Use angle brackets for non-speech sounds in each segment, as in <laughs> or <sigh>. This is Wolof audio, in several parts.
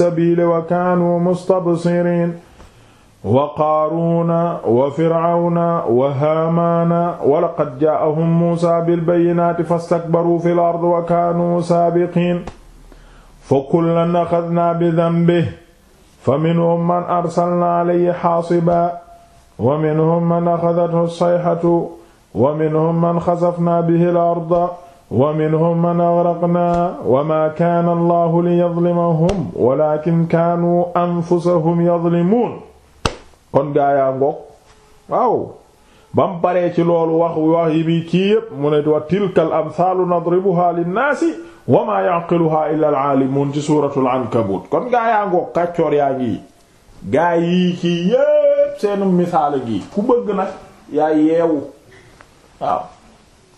sabiili wa kaanu mustabsiriin wa qaaruuna wa fircawna wa haamaana wa laqad jaa'ahum muusaa bilbayyinaati fastakbaruu fil ardi wa kaanuu saabiqiin fa kullan axadnaa bidanbihi fa minhum man arsalnaa calayhi xaasiban wa minhum man axadathu sayhatu wa minhum man xasafnaa bihi al arda wa minhum man aghraqnaa wa maa kaana Allahu liyadlimahum walaakin kaanuu anfusahum yadlimuun kon gaayaa ngoog waaw bam paree ci loolu wax wax yi bi kii yépp mu ne wa tilkal amthaalu nadribuhaa linnaasi wa maa ya'qiluhaa illaa al-aalimuun ci suuratul ankabuut kon gaayaa ngoog kàccoor yaa ngi gaa yi kii yépp seenu misaal gi ku bëgg nag yaa yeewu waaw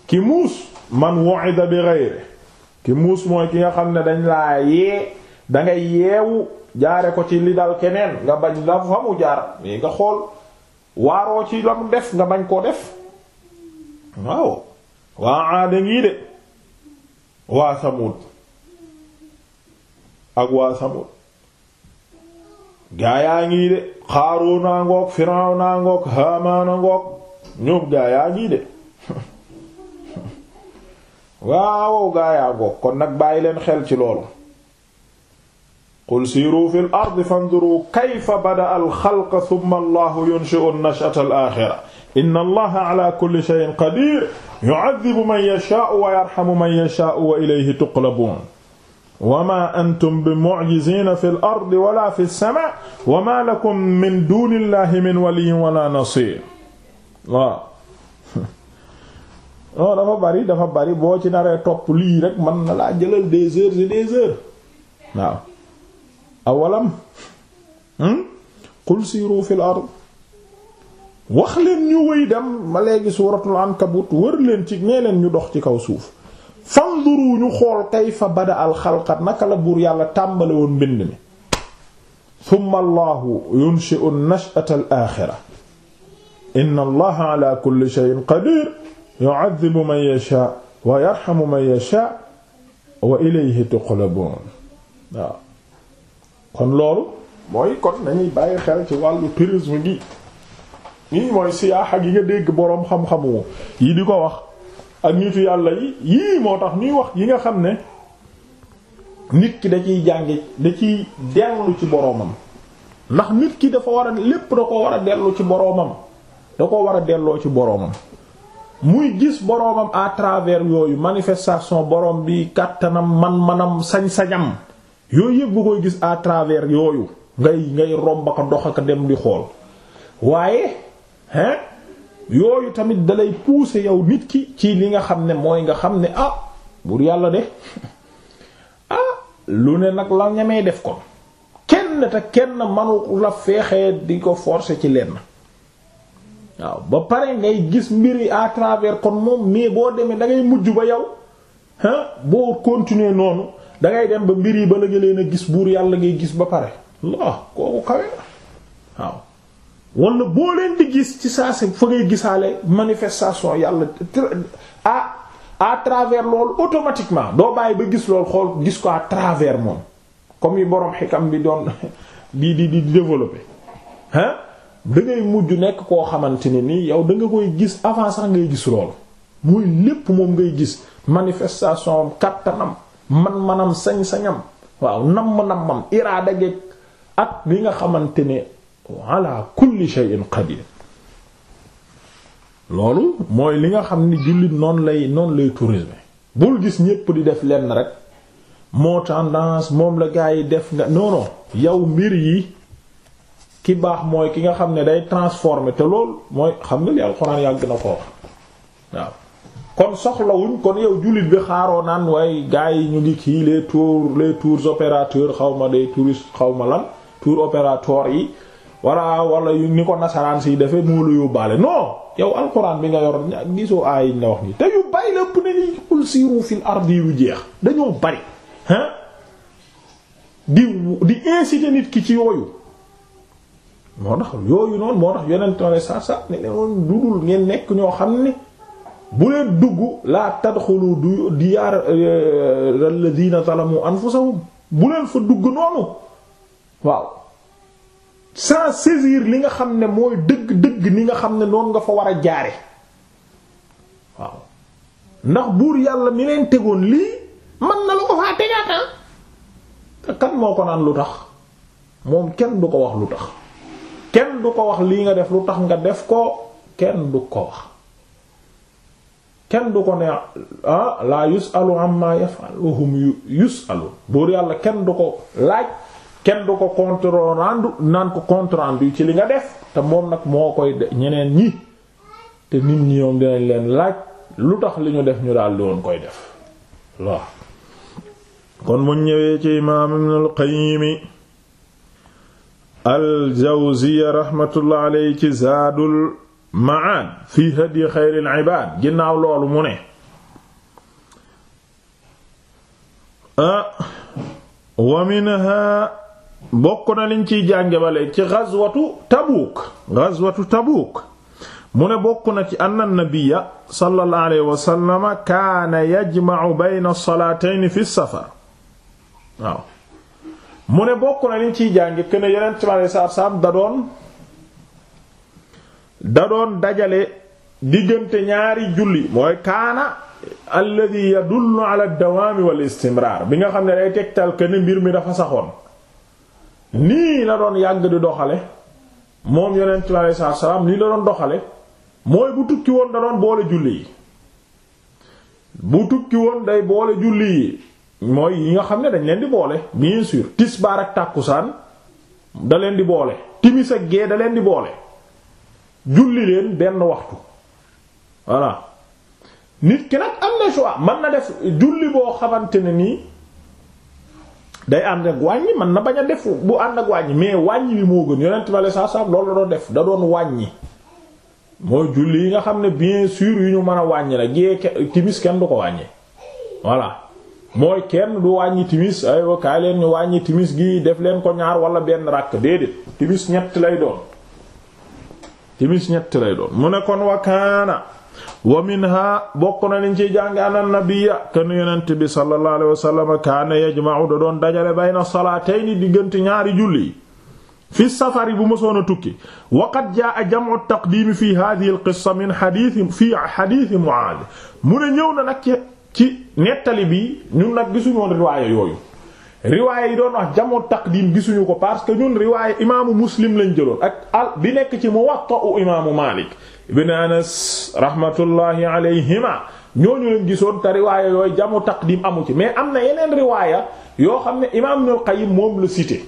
ki muus man wu'ida bi ghayri ki muus mooy ki nga xam ne dañ laa yee dangay yeewu jaare ko ci li dal keneen nga bañ la fa mu jaar nga xool waaroo ci la mu def nga bañ koo def waaw waa aada ngii de waa samud ak waa samud gaayaa ngii de xaaru naa ngoog firaw naa ngoog haamaa na ngoog ñoom gaayaa ngii de waaw gaayaa goog kon nag bàyyi leen xel ci loolu qul siiru fil ardi fanduru kayfa bada'a al-xalqa thumma allahu yunshi'u an-nash'ata al-aaxira inna allaha ala kulli shay'in qadiir yu'adhibu man yashaa'u wa yarhamu man yashaa'u wa ilayhi tuqlabuun wa maa antum bimu'jiziina fil ardi wala fis samaa'i wa maa lakum min duuni llahi min waliyyin wala nasiir waaw non oh, dafa bari dafa bari boo ci naree topp lii rek man na laa jëlal des heures et des heures waaw awalam hmm? qul siiru fil ard wax leen ñu wëy dem ma léegi suuratul ankabut wër leen ci nee leen ñu dox ci kaw suuf fanzuru ñu xool kayfa bada al naka la buur yàlla tàmbale woon mbind mi thumma allahu yunshi'u an-nash'ata inna allaha ala kulli shay'in qadir yu'adhibu man yasha wa yarhamu man yasha wa ilayhi tuqlabun waaw kon loolu mooy kon nañuy bàyyi xel ci wàllu tourisme gi nii mooy siyaaxa gi nga dégg boroom xam-xamu yi di ko wax ak nitu yàlla yi yii moo tax ñuy wax yi nga xam ne nit ki da ciy da ciy dellu ci boroomam ndax nit ki dafa war a lépp da ko war a dellu ci boroomam da ko war a delloo ci boroomam muy gis boromam à travers yooyu manifestation borom bi kàttanam man-manam sañ-sañam yooyu yëpp bu koy gis à travers yooyu ngay ngay romb ko dox ak dem di xool waaye hein yooyu tamit dalay pousser yow nit ki ci li nga xam ne mooy nga xam ne ah buur yàlla de <laughs> ah lu ne nag la ñamee def kon kenn te kenn manu la feexee di ko forcer ci leen waaw ba pare ngay gis mbir yi à travers kon moom mais boo demee da ngay mujj ba yow ah boo continuer noonu da ngay dem ba mbir yi ba la nga leen a gis buur yàlla ngay gis ba pare laa kooku kawe na waaw wala boo leen di gis ci saa si fa ngay gisaale manifestation yàlla à à travers loolu automatiquement doo bàyyi ba gis loolu xool gis ko à travers moom comme yi borom xikam bi doon <laughs> bi di di développer hein da mujj nekk koo xamante ne nii yow danga koy gis avant sax ngay gis loolu muy lépp moom ngay gis manifestation am kàttanam man-manam sañ-sañam waaw namm-nammam iraada geeg ak li nga xamante ne ala kulli shay'in qadir loolu mooy li nga xam ni jullit noonu lay noonu lay tourisme bul gis ñépp di def lenn rek moo tendance moom la gaa yi def nga non non yow mbir yi ki baax mooy ki nga xam ne day transformer te loolu mooy xam nga li alxuraan yàgg na ko wax waaw kon soxlawuñ kon yow jullit bi xaaroo naan waaye gars yi ñu ngi kii les tours les tour opérateurs xaw ma des touristes xaw ma lan tour opérateur yi wala yu ni ko nasaraan si defee moo la yóbbaale non yow alxuraan bi nga yor gisoo aay la wax nii te yu bàyyi la ne ni qul siiru fil ardi yu jeex dañoo bari hein di di inciter nit ki ci yooyu. moo tax yooyu noonu moo tax yonent ma ne saa saa ne leen dudul ngeen nekk ñoo xam ne bu leen dugg laa tadxulu du diyaar euh, alladhina zalamu anfusahum bu leen fa dugg noonu waaw sans saisir li nga xam ne mooy dëgg dëgg ni nga xam ne noon nga fa war a jaare waaw ndax buur yàlla mi leen tegoon lii man na lu ko faa tegaata ah. kan moo ko naan lu tax moom kenn du ko wax lu tax kenn du ko wax lii nga def lu tax nga def ko kenn du ko wax kenn du ko ne ah laa yusalu amma yafal wa hum yusalu buur yàlla kenn du ko laaj kenn du ko compte rendu naan ko compte rendu ci li nga def te moom nag moo koy ñeneen ñi te nit ñi ñoom dinañ leen laaj lu tax li ñu def ñu daal di koy def waaw kon mu ñëwee ci imaam Ibnul aljawziya raxmatullah aley ci zaadul maad fi hadi xayril ibaad ginnaaw loolu mu ne ah, wa minha bokk na liñ ciy jànge bale ci gazwatu tabuuk gazwatu tabuuk mu ne bokk na ci anna nabiyya sallallahu alayhi wa sallam kaana yajma'u bayna salaatayn fi safar waaw mu ne bokk na liñ ciy jàngi kën a yeneen ci ma saab da doon dajale diggante ñaari julli mooy kaana alladhi yadullu ala ad-dawaami wal istimraar bi nga xam ne day tegtal kën mbir mi dafa saxoon nii la doon yàgg di doxale moom yeneen bi aleyhi salaatu salaam nii la doon doxale mooy bu tukki woon da doon boole julli yi bu tukki woon day boole julli yi mooy yi nga xam ne dañ leen di boole bien sûr tisbaar ak tàkkusaan da leen di boole timis ak gee da leen di boole julli leen benn waxtu voilà nit ki nag am na choix mën na def julli boo xamante ne nii day ànd ak mën na bañ a def bu ànd ak wàññi mais wàññi bi moo gën yonent ma saa saa loolu la doon def da doon wàññi mooy julli yi nga xam ne bien sûr yu ñu mën a wàññi la gée timis kenn du ko wàññi voilà mooy kenn du wàññi timis ay kaay leen ñu wàññi timis gi def leen ko ñaar wala benn ràkk déedéet timis ñett lay doon ñett lay mu ne kon wa kaana wa minha bokk na liñ ciy jàng ana nabiyya kanu yonent bi sallallahu alayhi wa sallam kaana yajma'u da doon dajale bayna salaatayni diggante ñaari julli fi safari bu mësoon a tukki waqad jaa jam'u taqdiimi fi hadhihi al-qissa min mu ne ñëw na nag ci nettali bi ñun nag gisuñu woon riwaaya yooyu riwaaya yi doon wax jamono taqdim gisuñu ko parce que ñun riwaaya imaamu muslim lañ jëloon ak al bi nekk ci muwatta u imaamu Maalik ibn Anas rahmatullahi alayhima ñooñu leen gisoon te riwaaya yooyu jamu taqdim amu ci mais am na yeneen riwaaya yoo xam ne imaam Ibnul Qayyim moom la cité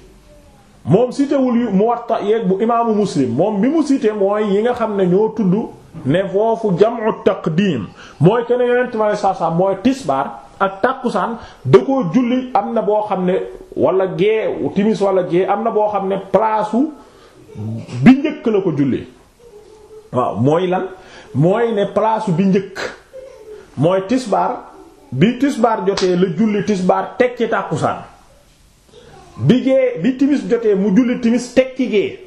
moom citéwul yu muwatta yeeg bu imaamu muslim moom bi mu cité mooy yi nga xam ne ñoo tudd. ne foofu jam'u taqdim mooy kenn yonent ma ne saa mooy tisbaar ak tàkkusaan da koo julli am na boo xam ne walla gee timis walla gee am na boo xam ne place bi njëkk la ko julli waaw mooy lan mooy ne place bi njëkk mooy tisbaar bi tisbaar jotee la julli tisbaar teg ci tàkkusaan bi gee bi timis jotee mu julli timis teg ci gee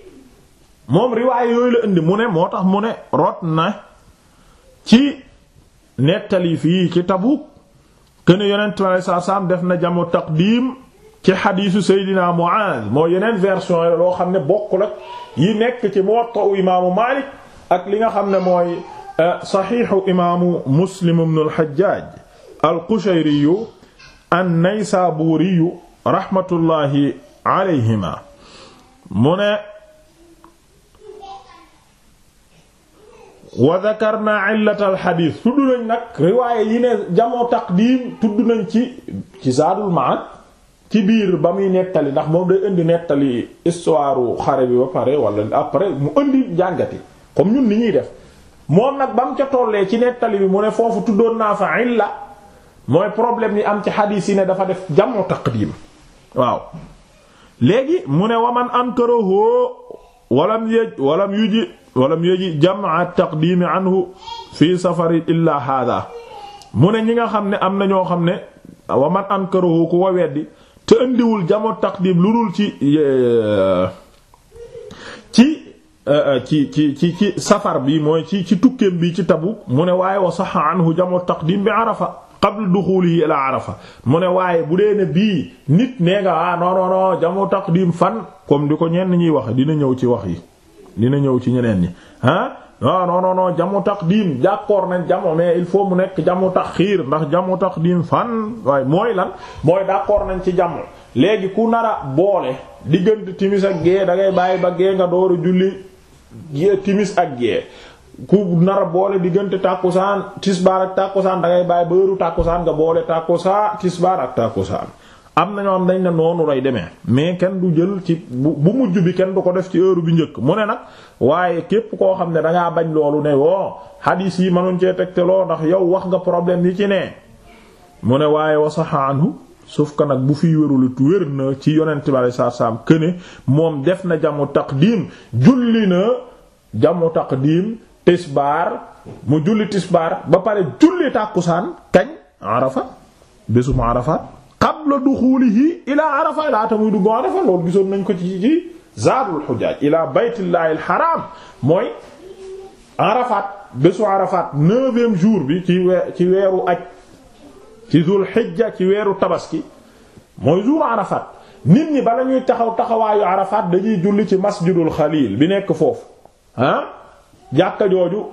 moom riwaay yooyu la indi mu ne moo tax mu ne rot na ci nettali fii ci Tabuk kën yonent mi saa def na jamu taqdim ci xadiisu Seydina Muaaz moo yeneen version yi loo xam ne bokk ak yi nekk ci Muwatta imaamu Maalik ak li nga xam ne mooy euh, saxiixu imaamu Muslim ibnu al-Hajjaaj al-Qushayriyu raxmatullaahi alayhima mu ne wa dhakarna illat alxadiis tudd nañ nag riwaaye yi ne jamoo taqdiim tudd nañ ci ci Zaadul Ma'ad ci biir ba muy nettali ndax moom day indi nettali histoire xare bi ba pare wala après mu indi jàngati comme ñun ni ñuy def moom nag ba mu ca tollee ci nettali bi mu ne foofu tuddoon naa fa la mooy problème yi am ci xadiis yi ne dafa def jamoo taqdiim waaw léegi mu ne waman ankarahu walam yëj walam yuji walam yeji jamaa taqdimi anhu fi safari illa hada mu ne ñi nga xam ne am na ñoo xam ne wa man ankarahu ku ko weddi te indiwul jamo taqdim lu dul ci e, ci e, e, ci ci ci ci safar bi mooy ci ci tukkeem bii ci tabu mu ne waaye wa saxa anhu jamoo taqdim bi Arafa qabl duxulihi ila Arafa mu ne waaye bu dee ne bii nit nee nga ah non non non jamo taqdim fan comme di ko ñenn ñuy wax dina ñëw ci wax yi dina ñëw ci ñeneen ñi ah non non non jamu taqdim d'accord nañ jamu mais il faut mu nekk jamu taxiir ndax jamu taqdim fan waaye mooy lan mooy d'accord nañ ci jamu léegi ku nar a boole diggante timis ak gée da ngay bàyyi ba gée nga door a julli gée timis ak gée ku nar a boole diggante tàkkusaan tisbaar ak tàkkusaan da ngay bàyyi ba heure tàkkusaan nga boole tàkkusaan tisbaar ak tàkkusaan am nañoo ñoo am dañ ne noonu lay demee mais kenn du jël ci bu bu mujj bi kenn du ko def ci heure bi njëkk mu ne nag waaye képp koo xam ne da ngaa bañ loolu ne woo hadis yi mënuñ cee tegteloo ndax yow wax nga problème yi ci ne mu ne waaye wasaxaanu suuf ka nag bu fi wérul wér na ci yonent bi sallallahu alayhi wasallam këne moom def na jamu taqdim julli na jamu taqdim tisbaar mu julli tisbaar ba pare julli tàkkusaan kañ arafa bésum arafaat qabla duxulihi ilaa arafa laata muy dugg arafa loolu gisoon nañ ko ci ci zaadul xujaaj ilaa baytillahi alxaraam mooy arafaat bésu arafaat neuvième jour bi ci ci weeru aj ci zul xijja ci weeru tabaski mooy jour arafaat nit ñi ba nañuy taxaw taxawaayu arafaat dañuy julli ci masjidul xaliil bi nekk foofu ah jàkka jooju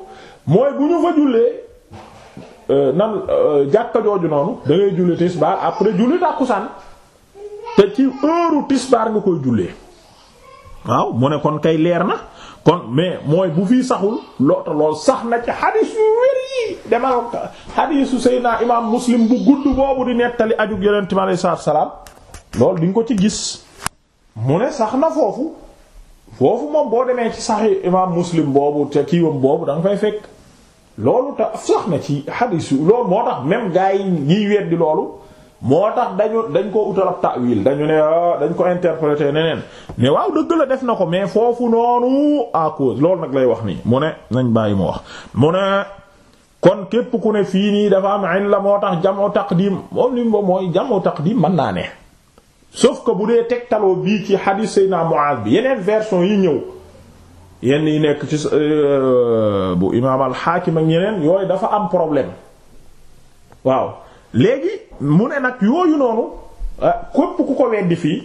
mooy bu ñu fa jullee Euh, nan euh, jàkka jooju noonu da ngay julli tisbaar après julli tàkkusaan te ci heure tisbaar nga koy jullee waaw mu ne kon kay leer na kon mais mooy bu fii saxul loota lool sax na ci xadiis yu wér demal xadiisu Seydina imaam Muslim bu gudd boobu di nettali ajug yonent mi alayhi salaatu salaam loolu di ko ci gis mu ne sax na foofu foofu moom boo demee ci saxi imaam Muslim boobu ci kiiwam boobu da nga fay fekk loolu ta sax na ci xadiis yu loolu moo tax même gaa yi ñiy weddi loolu moo tax dañu dañ ko utal ab ta'wil dañu ne ah, dañ ko interpréter neneen mais waaw dëgg la def na ko mais foofu noonu à cause loolu nag lay wax nii mu ne nañ bàyyi mu wax mu ne kon képp ku ne fii nii dafa am illa moo tax jamu taqdim moom lim ba mooy jamu taqdim mën naa ne sauf ko bu dee teg tegtaloo bii ci xadiis Seydina Muaaz bi yeneen version yi ñëw yenn yi nekk ci euh, euh, bu imaam alxaakim ak ñeneen yooyu dafa am problème waaw léegi mu ne nag yooyu noonu euh, képp ku ko weddi fii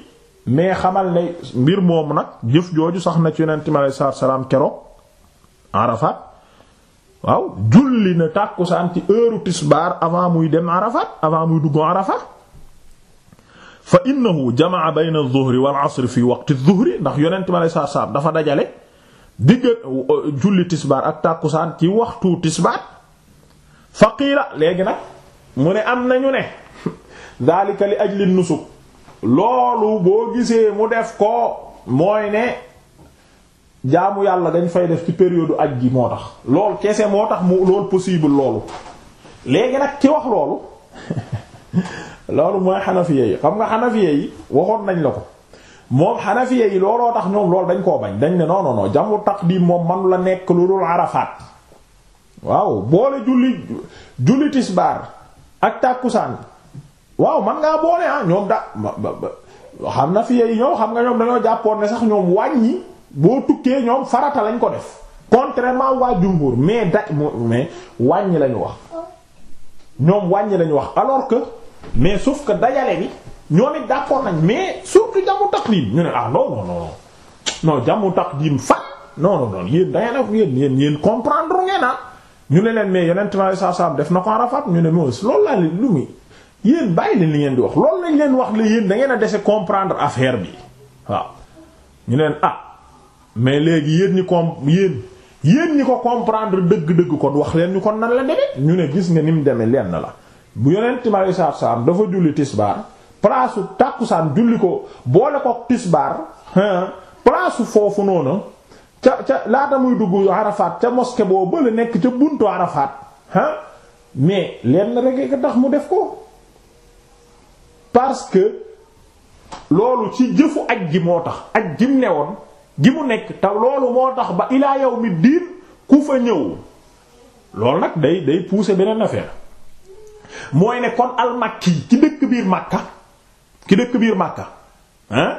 mais xamal ne mbir moomu nag jëf jooju sax na ci yonent mi aleyhi salaatu wa salaam keroog Arafat waaw julli na tàkkusaan ci heure tisbaar avant muy dem avant muy dugg Arafat fa innahu jamaa bayna adh-dhuhri wal asri fi waqti adh-dhuhri ndax yonent mi aleyhi salaatu wa salaam dafa dajale digga euh, julli tisbaar ak tàkkusaan ci waxtu tisbaar faqiila léegi nag mu ne am nañu ne <laughs> daalika li ajli nusuk loolu boo gisee mu def ko mooy ne jaamu yàlla dañ fay def ci période aj gi moo tax lool kese moo tax mu loolu possible loolu léegi nag ci wax loolu <laughs> loolu mooy xanafiye yi xam nga xanafiye yi waxoon nañ la ko moom xanafiya yi looloo tax ñoom loolu dañ koo bañ dañ ne non non non jamu taqdim moom man la nekk lu dul arafaat waaw boole julli julli tisbaar ak tàkkusaan waaw man ngaa boole ah ñoom da xam na fiye yi ñoom xam nga ñoom dañoo jàppoon ne sax ñoom wàññi boo tukkee ñoom farata lañ ko def contrairement waa jumhur mais da mais wàññi lañu wax ñoom wàññi lañu wax alors que mais suuf que dajale bi ñoo it d'accord nañ mais surtout jamu taqdim ñu ne ah non non non non jamu taqdim fa non non non yéen da ngeen a yéen yéen yéen comprendre ngeen ah ñu ne leen mais yeneen temades yi def na ko Arafat ñu ne moos loolu laa leen lu yéen bàyyi leen li ngeen di wax loolu lañ leen wax la yéen da ngeen a dese comprendre affaire bi waaw ñu leen ah mais léegi yéen ñi com yéen yéen ko comprendre dëgg-dëgg ko wax leen ñu kon nan la demee ñu ne gis nga ni mu demee lenn la bu yeneen temades yi dafa julli tisbaar palaasu tàkkusaan julli ko boole ko tisbaar palaasu foofu noonu ca ca laata muy dugg Arafat ca mosquée boo bël nekk ca buntu Arafat ah mais lenn rek a tax mu def ko parce que loolu ci jëfu aj ji moo tax aj ji gi mu nekk te loolu moo tax ba ilaa yawmi diin ku fa ñëw loolu nag day day pousser beneen affaire mooy ne kon al makki ci dëkk biir Makka. ki dëkk biir Makka ah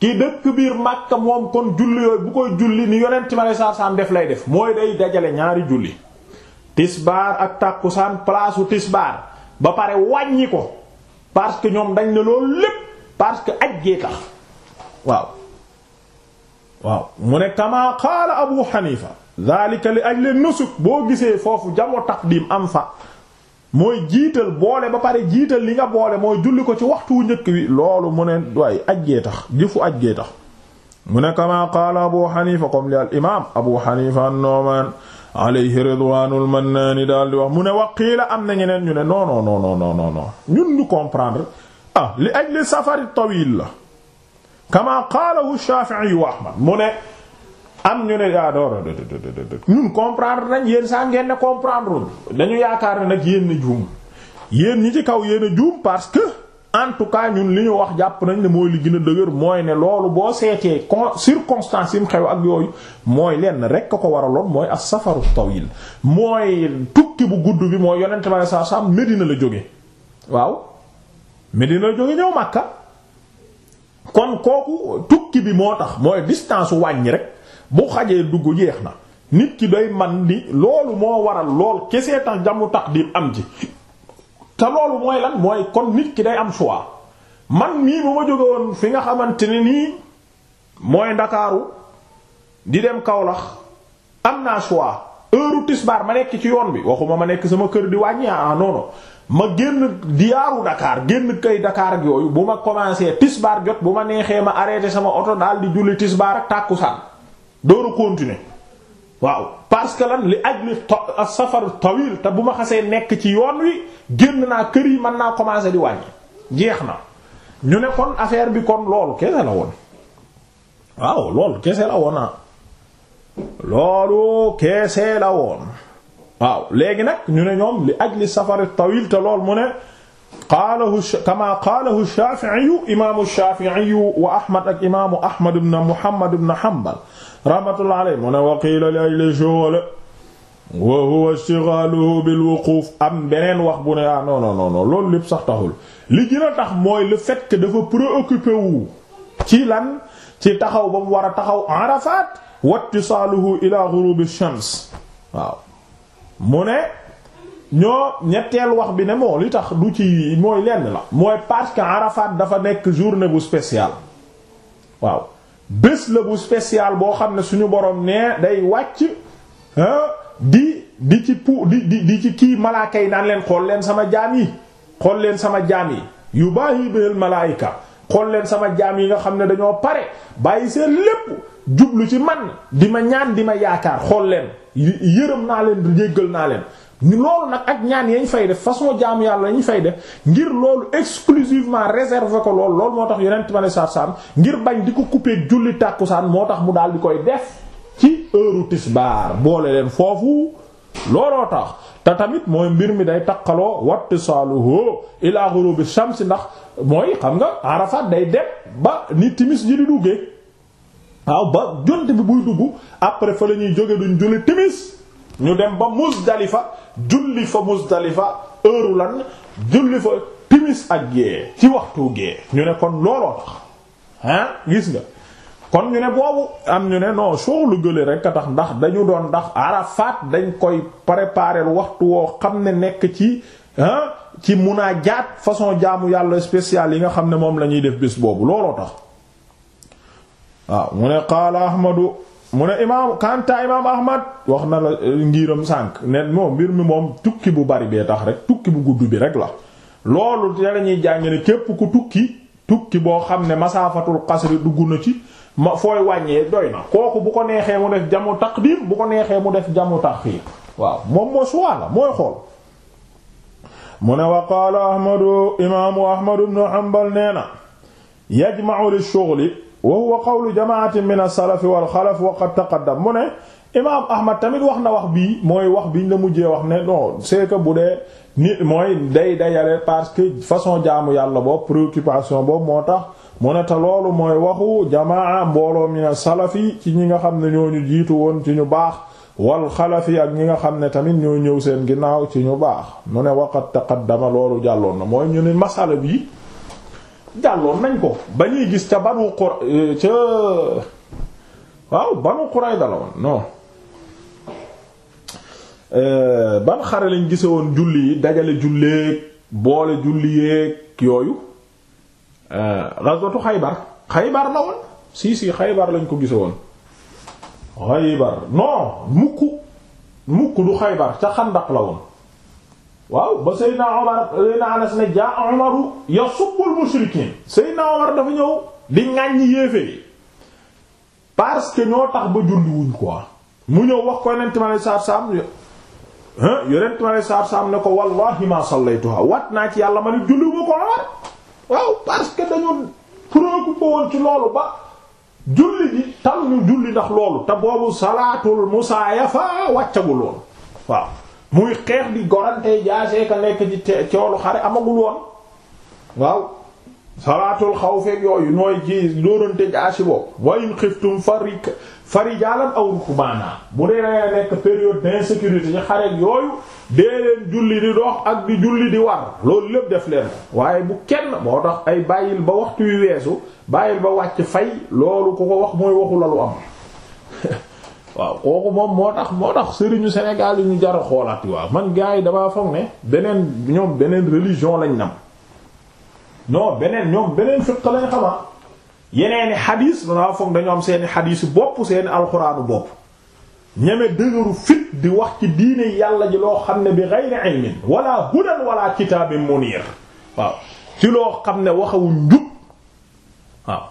ki dëkk biir Makka moom kon julli yooyu bu koy julli ni yonent ma lay saa saam def lay def mooy day dajale ñaari julli tisbaar ak tàkkusaan place u tisbaar ba pare wàññi ko parce que ñoom dañ ne loolu lépp parce que aj gee tax waaw waaw mu ne kama qaala Abu Hanifa dhalika li ajli nusuk boo gisee foofu jamo taqdim am fa mooy jiital boole ba pare jiital li nga boole mooy julli ko ci waxtu wu njëkk wi loolu mu ne waaye ajjee tax jëfu ajjee tax mu ne kama qaala abu xanifa comme li al abu xanifa an mu ne waqiila am na ñeneen ñu ne non non non non non non ñun ñu comprendre ah li safari tawil la kama qaalahu ash ahmad mu ne am ñu ne ah comprendre nañ yéen saa ngeen ne comprendre dañu yaakaar ne nag yéen a juum yéen ñi ci kaw yéen a juum parce que en cas ñun li ñu wax jàpp nañ ne mooy li gën dëgër mooy ne loolu boo seetee con circonstance yi mu xew ak yooyu mooy lenn rek ko waraloon mooy as-safaru tawil mooy tukki bu gudd bi mooy yonent ba saa saa Medina la jóge waaw Medina la jóge ñëw Makka kon kooku tukki bi moo tax mooy distance wàññi rek. bu xajee dugg jeex na nit ki day man ni loolu moo waral lool kesee tax jamu taqdim am ci te loolu mooy lan mooy kon nit ki day am choix man mii bu ma jóge woon fi nga xamante ne nii mooy ndakaaru di dem Kaolack am naa choix heure tisbaar ma nekk ci yoon bi waxuma ma nekk sama kër di wàññi ah, ah non non ma génn diyaaru Dakar génn kay Dakar ak yooyu bu ma commencé tisbaar jot bu ma neexee ma arrêté sama oto daal di julli tisbaar ak tàkkusaan dooru continuer waaw parce que lan li ajli safar tawil te bu ma xasee nekk ci yoon wi génn naa kër yi mën naa commencer di wàññi jeex na ñu ne kon affaire bi kon loolu kese la woon waaw loolu kese la woon ah loolu léegi nag ñu ne ñoom li ajli safar tawil te lool mu ne qaalahu kama qaalahu Shaafi'i imaamu Shaafi'i wa Ahmad ak imaamu Ahmad Muhammad ibn Hanbal rahmatullah alayhi mu ne waqiila li ajli shughal wa huwa ishtighaluhu bil wuquf am beneen wax bu ne ah non non loolu lépp sax taxul li gën a tax mooy le fait que dafa préoccupé wu ci lan ci taxaw ba mu war a taxaw Arafat wattisaaluhu ila ghurub ash-shams waaw mu ne ñoo ñetteel wax bi ne moo li tax du ci mooy lenn la mooy parce que Arafat dafa nekk journée bu spéciale waaw bés la bu spécial boo xam ne suñu borom nee day wàcc di di ci pu di di di ci kii malaaka yi naan leen xool leen sama jaam yi xool leen sama jaam yi yu baax yi béyal malaayika xool leen sama jaam yi nga xam ne dañoo pare bàyyi seen lépp jublu ci man di ma ñaan di ma yaakaar xool leen yërëm naa leen jéggal naa leen ñu loolu nag ak ñaan yañ fay def façon jaamu yàlla yañ fay def ngir loolu exclusivement réservé ko lool loolu moo tax yonent ma ne sarsam ngir bañ di ko couper julli tàkkusaan moo tax mu daal di koy def ci heure tisbaar boole leen foofu looloo tax te tamit mooy mbir mi day taqaloo wattisaaluhu ila ghurubi shams ndax mooy xam nga Arafat day dem ba ni timis ji di duggee waaw ba jont bi buy dugg après fa la ñuy jóge duñ julli timis ñu dem ba Muzdalifa julli fa Muzdalifa heure lan julli fa timis ak gée ci waxtu gée ñu ne kon looloo tax ah gis nga kon ñu ne boobu am ñu ne non soow lu gële rek a tax ndax dañu doon ndax Arafat dañ koy préparer waxtu woo xam ne nekk ci ah ci jaat façon jaamu yàlla spéciale yi nga xam ne moom la ñuy def bés boobu looloo tax waaw mu ne qaala Ahmadu mu ne imaam Kanta imaam Ahmad wax na la eh, ngiiram sànq ne moom mbir mi moom tukki bu bari bee tax rek tukki bu gudd bi rek la loolu te lañuy ñuy jàng képp ku tukki tukki boo xam ne masaafatul qasri dugg na ci ma fooy wàññee doy na kooku bu ko neexee mu def jamu taqdim bu ko neexee mu def jamu taxiir waaw moom moo suwaa la mooy xool mu ne wa qaala Ahmadu imaamu Ahmadu ibn Hanbal nee na yajma'u li shughli wa huwa qawlu jamaatin min as-salaf wal xalaf wa qad taqaddam mu ne imaam Ahmad tamit wax na wax bii mooy wax biñ la mujjee wax ne non c'est bu dee nit mooy day dayale parce que façon jaamu yàlla boobu préoccupation boobu moo tax mu ne te loolu mooy waxu jamaa mbooloo min as-salaf ci ñi nga xam ne ñoo ñu jiitu woon ci ñu baax wal xalaf ak ñi nga xam ne tamit ñoo ñëw seen ginnaaw ci ñu baax mu ne waqat taqaddama loolu jàlloon na mooy ñu ne masala jàlloon nañ ko ba ñuy gis ca banu xor euh, ca waaw banu Qurayda la woon non euh, ban xare lañ gise woon julli yi dajale julleek boole julli yeek yooyu euh, ghazwatu Xaybar Xaybar la woon si Xaybar lañ ko gise woon Xaybar non mukk mukk du Xaybar ca Xandaq la woon waaw ba Seydina Omar Seydina Anas ne jaa Omaru yasubbul mushrikiin dafa ñëw di ŋàññi yéefee parce que ñoo tax ba julliwuñ quoi ah. mu ñëw wax ko Yonent mi alayhi salaatu salaam Yonent mi alayhi ne ko wallaahi maa sallaytuhaa wat naa ci yàlla ma ne julliwuma ko Omar waaw parce que dañu préoccupé woon ci loolu ba julli ji tam ñu julli ndax loolu te boobu salaatul musaayafa wàccagul woon waaw. muy xeex bi gorante jaaseeka nekk ci coolu xare amagul woon waaw salaatul xawfeek yooyu nooy ji dóorante jaasi boobu wa in xiftum fari farijaalan aw rukbaana bu dee dangay nekk période d'insécurité ci xareek yooyu dee leen julli di dox ak di julli di war loolu lépp def leen waaye bu kenn moo tax ay bàyyil ba waxtu yu weesu bàyyil ba wàcc fay loolu ku ko wax mooy waxu la am <laughs> waaw kooku moom moo tax moo tax sëriñu Sénégal yi ñu jar xoolaat waaw man gaa yi damaa foog ne beneen ñoom beneen religion lañ nam non beneen ñoom beneen fiq lañ xama ah. yeneeni xadiis danaa foog am seeni xadiis bopp seeni alxuraanu bopp fit di wax ci diine yàlla ji loo xam ne bi gayri ilmin wala hudan wala kitaabin munir waaw ci loo xam ne waxewuñ njub waaw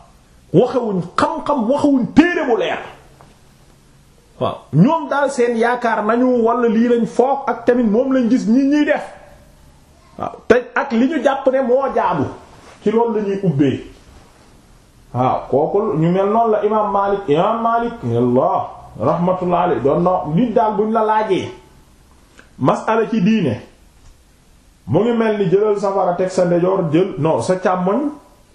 waxewuñ xam-xam waxewuñ téere bu leer waaw ñoom daal seen yaakaar nañu walla lii lañ foog ak tamit moom lañ gis ñi ñuy def waaw te ak li ñu jàpp ne moo jaabu ci lool lañuy ñuy ubbee waaw kooku ñu mel noonu la imaam Maalik imaam Maalik Allah rahmatullah alayhi doon na nit daal buñ la laajee masala ci diine mu ngi mel ni jëlal safara teg sa ndejoor jël noo sa càmmoñ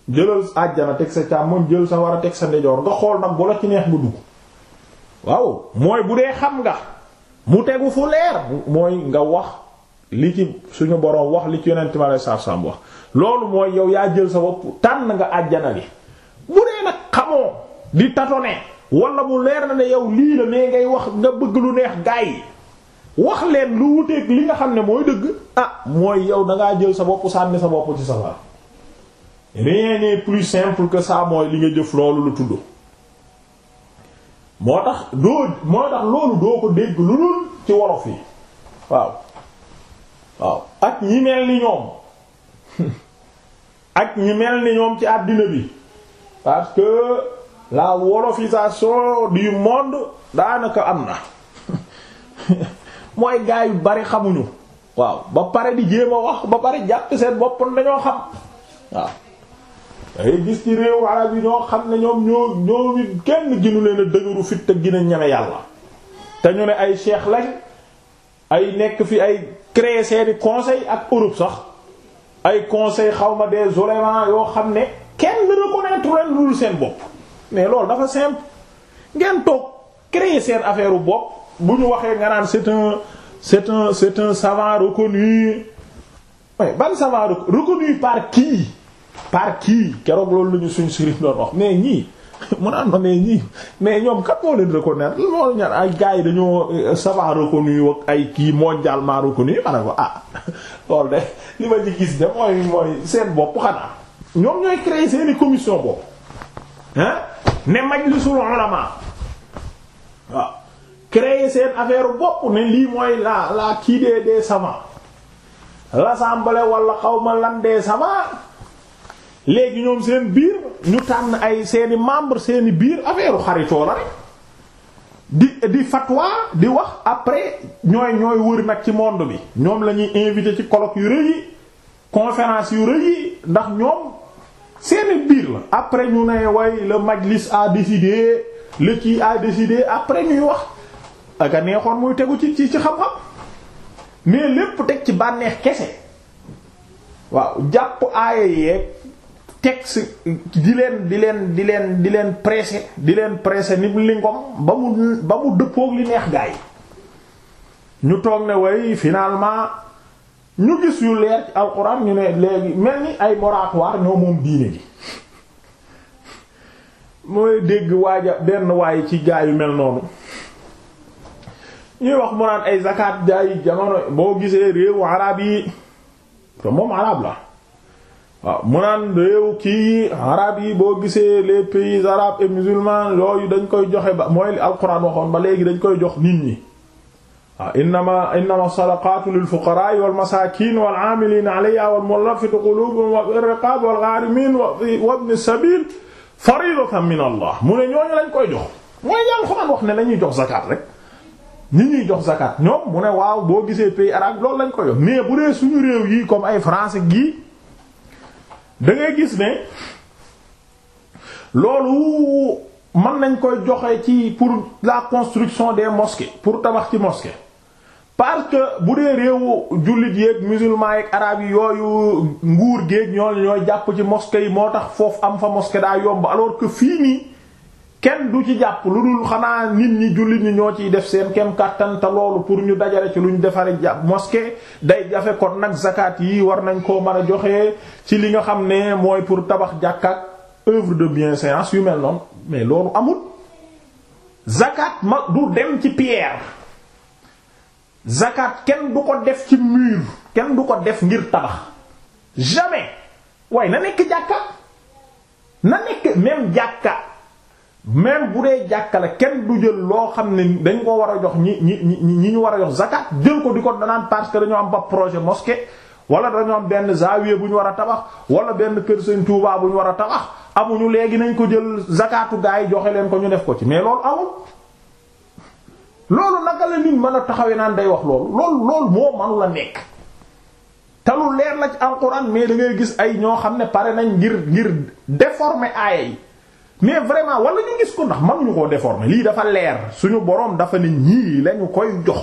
jëlal àjjana teg sa càmmoñ jël sa war a teg sa ndejoor nga xool nag bu ci neex nga dugg waaw mooy bu dee xam nga mu tegu fu leer mooy nga wax li ci suñu boroom wax li ci yonent ma lay saaf wax loolu mooy yow yaa jël sa bopp tànn nga àjjana li bu dee nag xamoo di tatone wala mu leer na ne yow lii la mais ngay wax nga bëgg lu neex gaay yi wax leen lu wuteeg li nga xam ne mooy dëgg ah mooy yow da ngaa jël sa bopp sànni sa bopp ci safara rien n'est plus simple que ça mooy li nga jëf loolu lu tudd moo tax doo moo tax loolu doo ko dégg lu dul ci wolof yi waaw waaw ak ñi mel ni ñoom <laughs> ak ñi mel ni ñoom ci àddina bi parce que la wolofisation du monde daanaka am na <laughs> mooy gaa yu bari xamuñu waaw ba pare di jéem a wax ba pare jàpp seen bopp dañoo xam waaw dangay gis ci réew arab yi ñoo xam ne ñoom ñoo ñoo kenn ginu leen a dëgëru fit te gën a ñeme yàlla te ñu ne ay cheikh lañ ay nekk fi ay créer seeni conseil ak Europe sax ay conseil xawma des oulémas yoo xam ne kenn reconnaître leen lul seen bopp mais loolu dafa simple ngeen toog créer seen affaire u bopp bu ñu waxee nga naan c'est un c'est un c'est un savant reconnu mais ban savant reconnu par qui par kii keroog loolu lañu ñu suñ sëriñ doon wax mais ñii mu naan ma mais ñii mais ñoom kat moo leen reconnaître moo ñaan ay gars yi dañoo euh, savant ay kii mondialement reconnu ko ah <laughs> loolu de li ma gis de mooy mooy seen bopp xanaa ñoom ñooy créer seeni commission bopp affaire bopp ne la la kii des wala xaw ma lan des savants léegi ñoom seen biir ñu tànn ay seeni membre seeni biir affaire xaritoo la rek di di fatwa di wax après ñooy ñooy wër nag ci monde bi ñoom lañuy invité ci colloque yu rëy yi conférence yu rëy yi ndax ñoom seeni biir la après ñu ne way le majlis a décidé le kii a décidé après ñuy wax aka neexoon muy tegu ci ci ci xam-xam mais lépp teg ci bànneex kese waaw jàpp aaya yeeg texte di leen di leen di leen di leen pressé di leen pressé ni li ngom ba mu ba mu dëppoog li neex gaa yi ñu toog ne way finalement ñu gis yu leer alxuraan ñu ne léegi mel ni ay moratoire ñoo moom diine gi mooy dégg waaja benn waay ci gaa yu mel noonu ñuy wax mu ay zakat jaay jamono boo gisee réewu arab yi te moom arab la waaw mu naan réew kii arab yi boo gisee les pays arabes et musulmans yooyu dañ koy joxe ba mooy alquran waxoon ba léegi dañ koy jox nit ñi waaw innama innama sadaqatu lil koy jox mooy alquran wax ne lañuy jox zakat rek nit ñuy jox zakat ñoom mu ne waaw boo gisee pays arabe loolu lañ koy jox mais bu dee suñu réew yi comme ay France gi da ngay gis ne loolu mën nañ koy joxe ci pour la construction des mosquées pour tabax ci mosquée parce que bu dee réewu jullit yeeg musulman yeeg arab yi yooyu nguur géeg ñoo ñooy jàpp ci mosquée yi moo tax foofu am fa mosquée daa yomb alors que fii nii kenn du ci jàpp lu dul xanaa nit ñi jullit ñi ñoo ciy def seen kem kàttan te loolu pour ñu dajale ci luñ defaree jàpp mosquée day jafe kon nag zakat yi war nañ koo mën a joxe ci li nga xam ne mooy pour tabax jàkka ak œuvre de bienséance yu mel noonu mais loolu amul. zakat ma du dem ci pierre zakat kenn du ko def ci mur kenn du ko def ngir tabax jamais waaye na nekk jàkka na nekk même jàkka. même bu dee jàkkale la kenn du jël loo xam ne dañ koo war a jox ñi ñi ñi ñu war a jox zakat jël ko di ko danaan parce que dañoo am ba projet mosquée wala dañoo am benn zawiya bu ñu war a tabax wala benn kër Sëriñ Tuubaa bu ñu war a tabax amuñu léegi nañ ko jël zakatu gaa yi joxe leen ko ñu def ko ci mais loolu amul. loolu naka la nit mën a taxawee naan day wax loolu loolu loolu moo manu la nekk te lu leer la ci alxuraan mais da gis ay ñoo xam ne pare nañ ngir ngir déformer aaya mais vraiment wala ñu gis ko ndax mënuñu koo déformer lii dafa leer suñu boroom dafa ne ñii lañu koy jox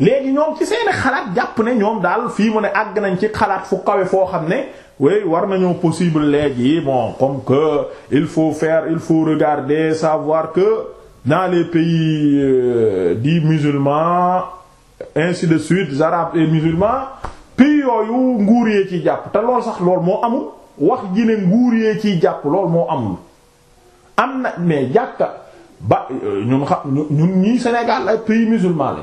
léegi ñoom ci seeni xalaat jàpp ne ñoom daal fii mu ne àgg nañ ci xalaat fu kawe foo xam ne oui war nañoo possible léegi bon comme que il faut fair il faut regarder savoir que dans les pays euh, dits musulmans ainsi de suite arabes et musulmans pays yooyu nguur yee ci jàpp te lool sax lool moo amul. wax ji ne nguur yee ciy jàpp lool moo amul am na mais jàkka ba euh, ñun xam ñu ñii Sénégal ay pays musulman la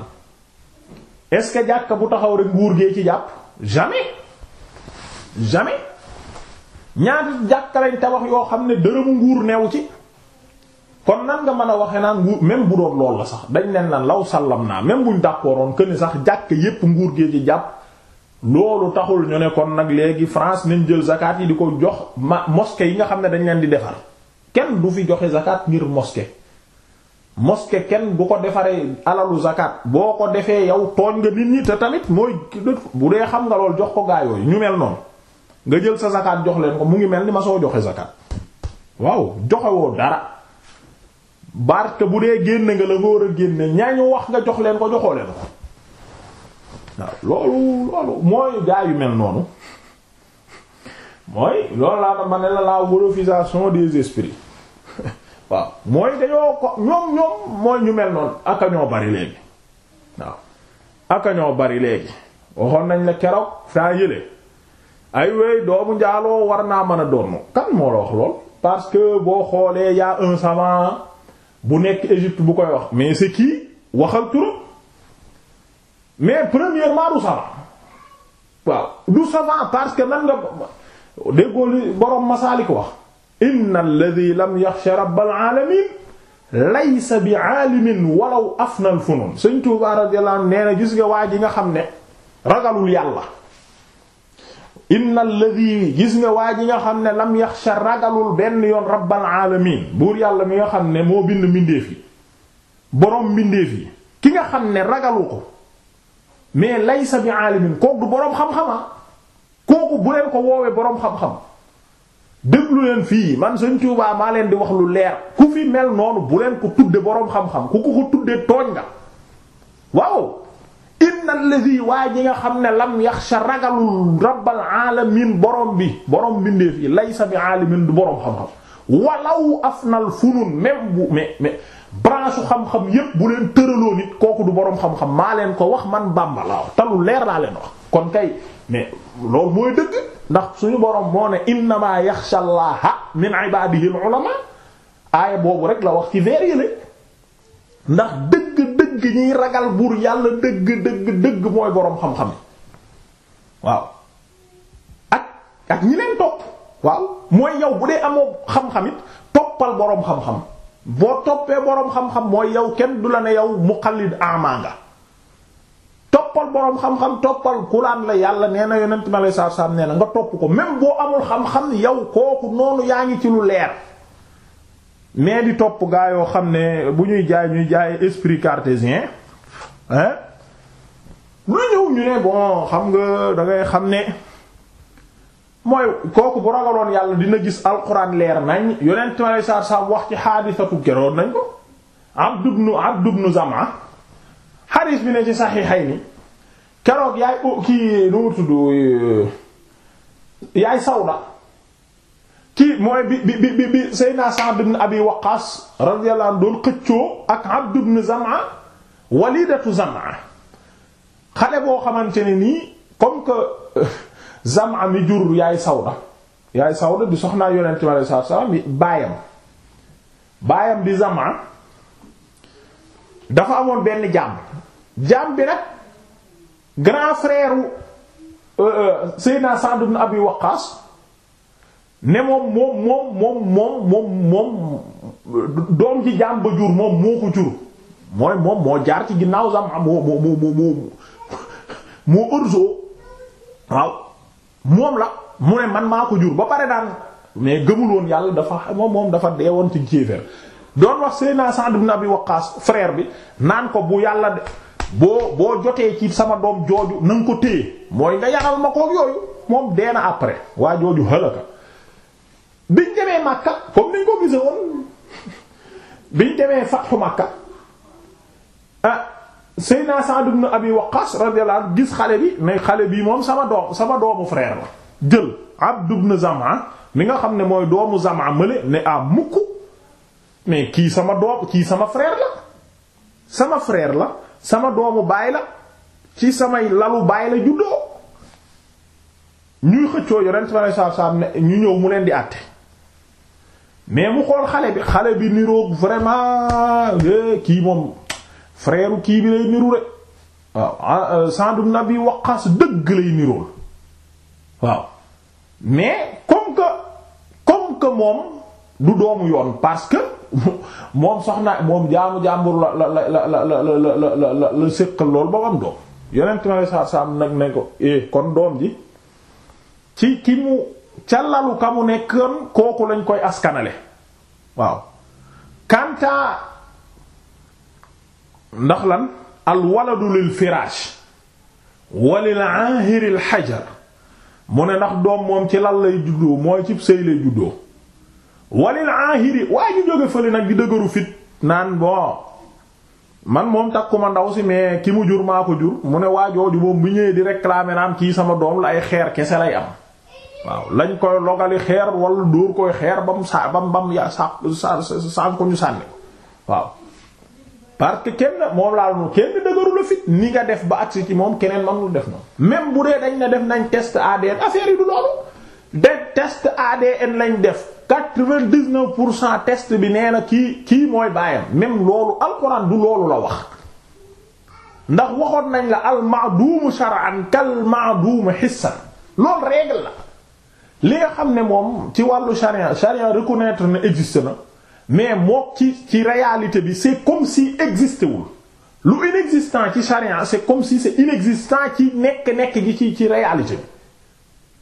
est-ce que jàkka bu taxaw rek nguur gee ci jàpp jamais jamais ñaata jàkka lañ tabax yoo xam ne dërëmu nguur neew ci kon nan nga mën a waxe naan nguur même bu doon lool la sax dañ leen lan law sallam naa même buñ d'accordoon que ni sax jàkk yépp nguur gee ci jàpp loolu taxul ñu ne kon nag léegi France nañ jël zakat yi di ko jox ma moske yi nga xam ne dañ leen di defar kenn du fi joxe zakat ngir mosquée moske kenn bu ko defaree alalu zakat boo ko defee yow tooñ nga nit ñi te tamit mooy bu dee xam nga loolu jox ko gaa yooyu ñu mel noonu nga jël sa zakat jox leen ko mu ngi mel ni ma soo joxe zakat waaw joxewoo dara barke bu dee génne nga la nga war a génne ñaañu wax nga jox leen ko joxoo leen ko. waaw loolu loolu mooy gaa yu mel noonu mooy loolu laa ma ne la la wolofisation des esprits <laughs> waaw mooy dañoo ko ñoom ñoom mooy ñu mel noonu aka ñoo bari léegi waaw aka ñoo bari léegi waxoon nañ la keroog saa yële ay wey doomu njaaloo war naa mën a doon kan moo la wax lool parce que boo xoolee y'a un savant bu nekk Égypte bu koy wax mais c'est qui waxal turam mais premièrement du savant waaw du savant parce que nan nga déggoo li boroom masaalik wax inna alladhi lam yaxsha rabbal alamin laysa bi aalimin walaw afna al funun sëñ Tuubaa radiyallahu anhu nee na gis nga waa ji nga xam ne ragalul yàlla inna alladhi gis nga waa ji nga xam ne lam yaxsha ragalul benn yoon rabbal alamin buur yàlla mi nga xam ne moo bind mbindeef yi boroom mbindeef yi ki nga xam ne ragalu ko mais laysa bi aalimin kooku du boroom xam-xama ah. kooku bu leen ko woowee boroom xam-xam déglu leen fii man Sëriñ Tuubaa maa leen di wax lu leer ku fi mel noonu bu leen ko tudde boroom xam-xam ku ko ko tuddee tooñ nga waaw inna allazi waa ji nga xam ne lam yaxsha ragalul rabbal alamin borom bi borom mbindeef yi laysa bi aalimin du boroom xam-xam walaw afnal funun même bu mais mais branche xam-xam yépp bu leen tëraloo nit kooku du boroom xam-xam maa leen ko wax man Bàmba laa leer laa leen wax kon kay mais loolu mooy dëgg ndax suñu boroom moo ne innamaa yaxsha Allaha min ibaadihi al-ulama aaya boobu rek la wax ci vers yële ndax dëgg-dëgg ñiy ragal buur yàlla dëgg dëgg dëgg mooy boroom xam-xam waaw ak ñi leen topp waaw mooy yow bu dee amoo xam-xam toppal boroom xam-xam. boo toppee boroom xam-xam mooy yow kenn du la ne yow muqallid ama nga toppal boroom xam-xam toppal kulaan la yàlla nee na yonent ma lay saa saa nee na nga topp ko même boo amul xam-xam yow kooku noonu yaa ngi ci lu leer mais di topp gaa yoo xam ne bu ñuy jaay ñuy jaay esprit cartésien hein lu ñëw ñu ne bon xam nga dangay xam ne. mooy kooku bu ragaloon yàlla dina gis alquran leer nañ yonent ma lay saar saam wax ci xaadisatu keroon nañ ko Abd ibn Abd ibn Zam'a xaris bi ne ci Sahihayni keroog yaay kii nu mu tudd yaay Sawda kii mooy bi bi bi bi Seydina Sa'd ibn Abi Waqqas radiyallahu anhu doon xëccoo ak Abd ibn Zam'a walidatu Zam'a xale boo xamante ni nii comme que. Zam'a mi jur yaay Sawda yaay Sawda di soxnaa yonent bi alayhi salaatu salaam baayam baayam di Zam'a dafa amoon benn jaam jaam bi nag grand frère euh, euh, Seydina Sa'd ibn Abi Waqqas ne moom moom moom moom moom moom doom ci jaam ba jur moom moo ko jur mooy moom moo jaar ci ginnaaw Zam'a moo moo moo moo moo moo moo moom la mu ne man maa ko jur ba pare daan mais gëmul woon yàlla dafa moom moom dafa woon ci kéefër doon wax Seydina Sa'd ibn Abi Waqqas frère bi naan ko bu yàlla de boo boo jotee ci sama doom jooju na ko téye mooy nga yaral ma koog yooyu moom dee na après waa jooju halaka biñ demee Makka comme niñ ko gise woon <laughs> biñ demee Fathu Makka ah Seyna Sa'd ibn Abi Waqqas radiyallahu anhu gis xale bi mais xale bi moom sama doom sama doomu frère la jël Abd ibn Zam'a mi nga xam ne mooy doomu Zam'a mële ne a ah mukk mais kii sama doom kii sama frère la sama frère la sama doomu baay la ci samay lalu baay la juddoo ñuy xëccoo yonent ma ne saab saab ne ñu ñëw mu leen di àtte mais mu xool xale bi xale bi niroog vraiment eh, kii moom frère kii bi lay niru rek waaw Sa'd ibn Abi Waqqas dëgg lay nirool waaw mais comme que comme que moom du doomu yoon parce que moom soxna moom jaamu jàmbur la la la la la la la la la la am doom yonent ma sa saam nag ne ko eh kon doom ji ci ki mu ca lalu ka mu nekkoon kooku lañ koy askanale waaw kanta ndax lan alwaladu lil firaash walil aahiril xajar mu ne ndax doom moom ci lan lay juddoo mooy ci sëy lay juddoo walil aahiri waaye ñu jóge fële nag di dëgëru fit naan bon man moom takkuma ndaw si mais ki mu jur maa ko jur mu ne waajooju moom bu ñëwee di réclamer naan kii sama doom la ay xeer kese lay am waaw lañ koy logali xeer wala dóor koy xeer ba mu saa bam ya sa sa ko ñu sànni waaw parce que kenn moom laal nu kenn dëgëru la fit ni nga def ba agsi ci moom keneen man lu def noonu même bu dee dañ na def nañ test ADN affaire yi du loolu de test ADN lañ def quatre vingt pour cent test bi nee na kii kii mooy baayam même loolu alxuraan du loolu la wax ndax waxoon nañ la al ma'dum shar'an kal ma'dum hissan loolu règle la li nga xam ne moom ci wàllu charia charia reconnaître ne existe na mais mook ci ci réalité bi c'est comme si existé wul lu inexistant ci charia c'est comme si c'est inexistant ci nekk-nekk gi ci ci réalité bi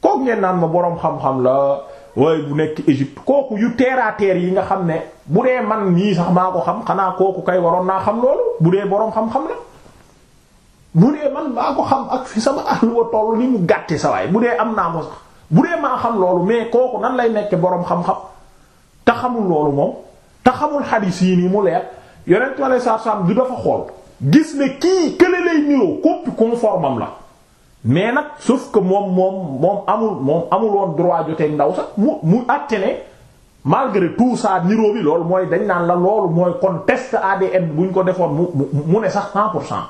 kooku ngeen naan ma boroom xam-xam la waaye bu nekk Égypte kooku yu terre à yi nga xam ne bu dee man nii sax maa ko xam xanaa kooku kay waroon naa xam loolu bu dee boroom xam-xam la bu dee man maa ko xam ak fi sama àll wa toll ni mu gàtte sa waay bu dee am naa ko sax bu dee maa xam loolu mais kooku nan lay nekk boroom xam te xamul loolu moom te xamul xadiis yi nii mu leer yonent ma lay saar du dafa xool gis ne kii kële lay niroo copie conforme am la mais nag sauf que moom moom moom amul moom amuloon droit joteeg ndaw sax mu mu àtte ne malgré tout ça niroo bi loolu mooy dañ naan la loolu mooy kon test ADN bu ñu ko defoon mu mu ne sax 100 pour cent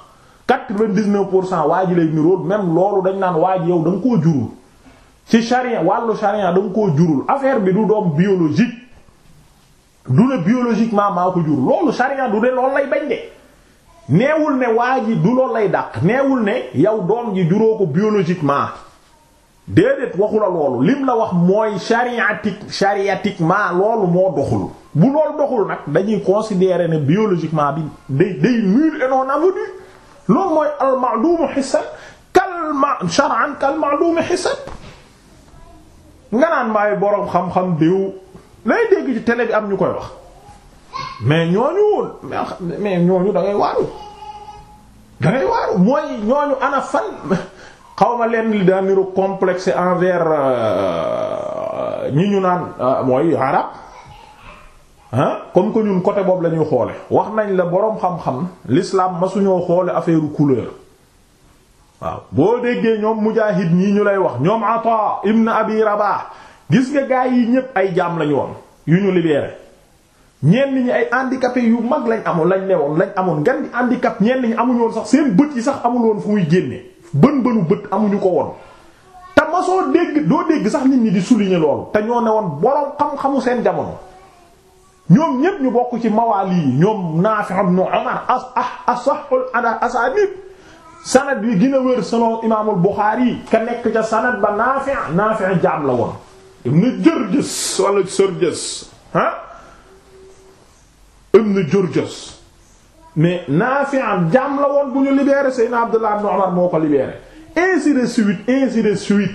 99 pour cent waa ji lay niroo même loolu dañ naan waa yow da nga koo jurul ci charia wàllu charia da nga koo jurul affaire bi du doom biologique. du ne biologiquement maa ko jur loolu sariya du ne loolu lay bañ de neewul ne waa ji du loolu lay dàq neewul ne yow doom ji juróo ko biologiquement déedéet waxu la loolu lim la wax mooy chariatique loolu moo doxul bu loolu doxul nag dañuy considérer ne biologiquement bi day day nul et non avenu loolu mooy al ma'lum hissan shar'an kal ma'lum nga naan maay boroom xam-xam diw lay dégg ci tele bi am ñu koy wax mais ñooñu mais ñooñu da ngay waaru da waaru mooy ñooñu ana fan xaw ma leen li daa niru complexe envers euh, ñi ñu naan euh, mooy arab ah comme que ñun côté boobu lañuy ñuy xoole wax nañ la boroom xam-xam l'islam ma suñoo xoole affaire couleur waaw boo déggee ñoom mujahid ñii ñu lay wax ñoom Ata ibn Abi Rabah gis nga gaa yi ñépp ay jaam lañu woon yu ñu libéré ñenn ñi ay handicapé yu mag lañ amoon lañ newoon lañ amoon ngan di handicap ñenn ñi amuñu woon sax seen bët yi sax amul woon fu muy génne bën bënu bët amuñu ko woon te ma soo dégg doo dégg sax nit ñi di souligner loolu te ñoo ne woon boroom xam-xamu seen jamono ñoom ñépp ñu bokk ci mawaali yi ñoom Naafi am Umar as ah asahul ada asanid sanad bi gën a wér selon imaamul Buxaari ka nekk ca sanad ba Naafi Naafi jaam la woon ibn Jurjus wala Surjus ah ibn Jurjus mais Naafi' jaam la woon bu ñu libéré Seydina Abdullah ibn Umar moo ko libéré ainsi de suite ainsi de suite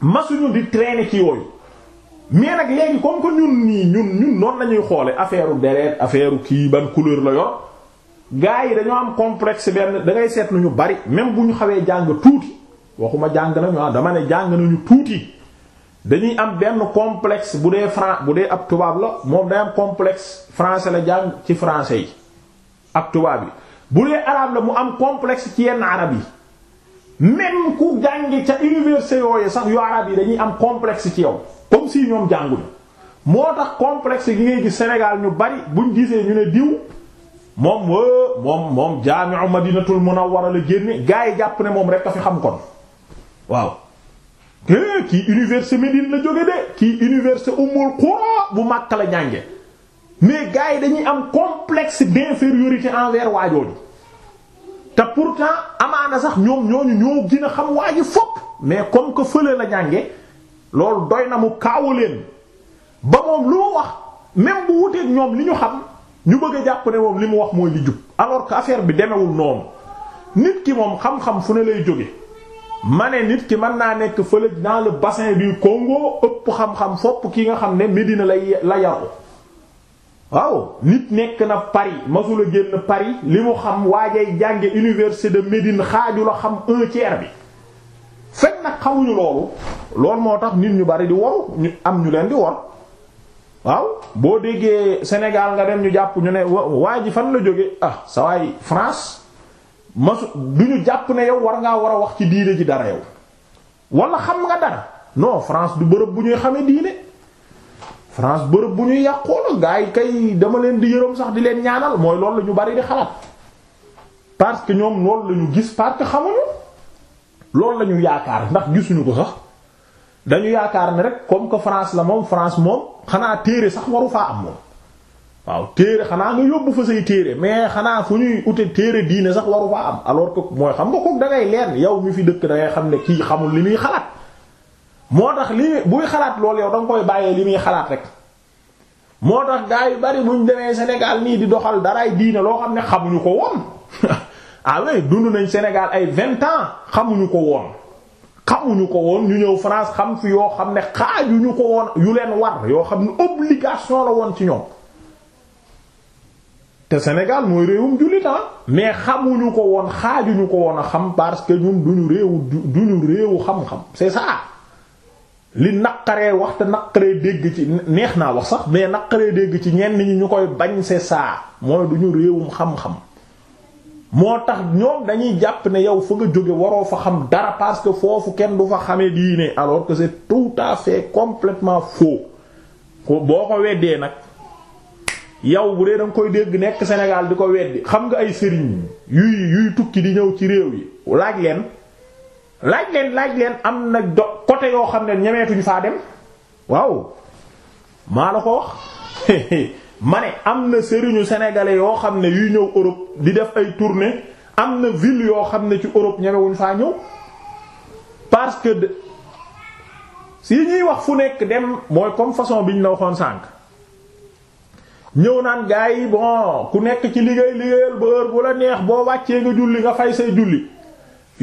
masuñu di traîner ci yooyu mais nag léegi comme que ñun nii ñun ñun noonu lañuy xoole affaire u deret affaire kii ban couleur la yor gars yi dañoo am complexe benn da ngay seetlu ñu bari même bu ñu xawee jàng tuuti waxuma jàng nañu ah dama ne jàng nañu tuuti dañuy am benn complexe bu dee fran bu dee ab tubaab la moom day am complexe français la jàng ci français yi ak tubaab yi bu dee arabe la mu am complexe ci yenn arab yi même ku jàngi ca université yooyu sax yu arab yi dañuy am complexe ci yow comme si ñoom jànguñu moo tax complexe gi ngay gis Sénégal ñu bari buñ gisee ñu ne diw moom waa moom moom jaami'u Madinatul a la génne gaa yi jàpp ne moom rek a fi xam kon waaw kii université Médine la jóge de kii université Ummul Qura bu Makka la jànge mais gars yi dañuy am complexe d'infériorité envers waajooju te pourtant amaana sax ñoom ñooñu ñoo gën a xam waaji fopp mais comme que fële la jànge loolu doy na mu kaawaleen ba moom lu mu wax même bu wuteeg ñoom li ñu xam ñu bëgg a jàpp ne moom li mu wax mooy li jub alors que affaire bi demewul noonu nit ki moom xam-xam fu ne lay jóge ma ne nit ki mën naa nekk fële dans le bassin du Congo ëpp xam-xam fopp ki nga xam ne Médina la la yaru waaw nit nekk na Paris masula génn Paris li mu xam waajay jànge université de Médine xaaju la xam un tiers bi fekk nag xamuñu loolu lool moo tax nit ñu bari di waru ñu am ñu leen di war waaw boo déggee Sénégal nga dem ñu jàpp ñu ne waa ji fan la jóge ah France masu du ñu jàpp ne yow war ngaa war a wax ci diine ji dara yow wala xam nga dara non France du bërëb bu ñuy xamee diine France bërëb bu ñuy yàqoo la gaa yi kay dama leen di yërëm sax di leen ñaanal mooy loolu la ñu bari di xalaat parce que ñoom loolu la ñu gis parce que xamuñu loolu la ñu yaakaar ndax gisuñu ko sax dañu yaakaar ne rek comme que France la moom France moom xanaa téere sax waru faa am moom. waaw téere xanaa nga yóbbu fa say téere mais xanaa fu ñuy ute téere diine sax waru fa am alors que mooy xam nga ko da leer leen yow mi fi dëkk dangay xam ne kii xamul li muy xalaat moo tax li buy xalaat loolu yow da koy bàyyee li muy xalaat rek moo tax gaa yu bari buñ demee Sénégal nii di doxal daraay diine loo xam ne xamuñu ko woon <laughs> ah oui dund nañ Sénégal ay vingt ans xamuñu ko woon xamuñu ko woon ñu ñëw France xam fi yoo xam ne xaajuñu ko woon yu leen war yoo xam ne obligation la woon ci ñoom te Sénégal mooy réewum jullit ah. mais xamuñu ko woon xaajuñu ko woon a xam parce que ñun duñu réewu duñu réewu xam-xam c'est ça li naqaree wax te naqaree dégg ci neex naa wax sax mais naqaree dégg ci ñenn ñi ñu koy bañ c'est ça mooy duñu réewum xam-xam moo tax ñoom dañuy jàpp ne yow fu nga jóge waroo fa xam dara parce que foofu kenn du fa xamee diine alors que c'est tout à fait complètement faux boo ko weddee nag. yow bu dee da nga koy dégg nekk Sénégal di ko weddi xam nga ay sëriñ yuy yuy tukki di ñëw ci réew yi laaj leen laaj leen laaj leen am na do côté yoo xam ne ñemeetuñ faa dem waaw maa la ko wax <laughs> ma ne am na sëriñu sénégalais yoo xam ne yuy ñëw Europe di def ay tournée am na ville yoo xam ne ci Europe ñemewuñ faa ñëw parce que si ñuy wax fu nekk dem mooy comme façon biñ la waxoon sànq. ñëw naan gaa yi bon ku nekk ci liggéey liggéeyal ba bu la neex boo wàccee nga julli nga fay say julli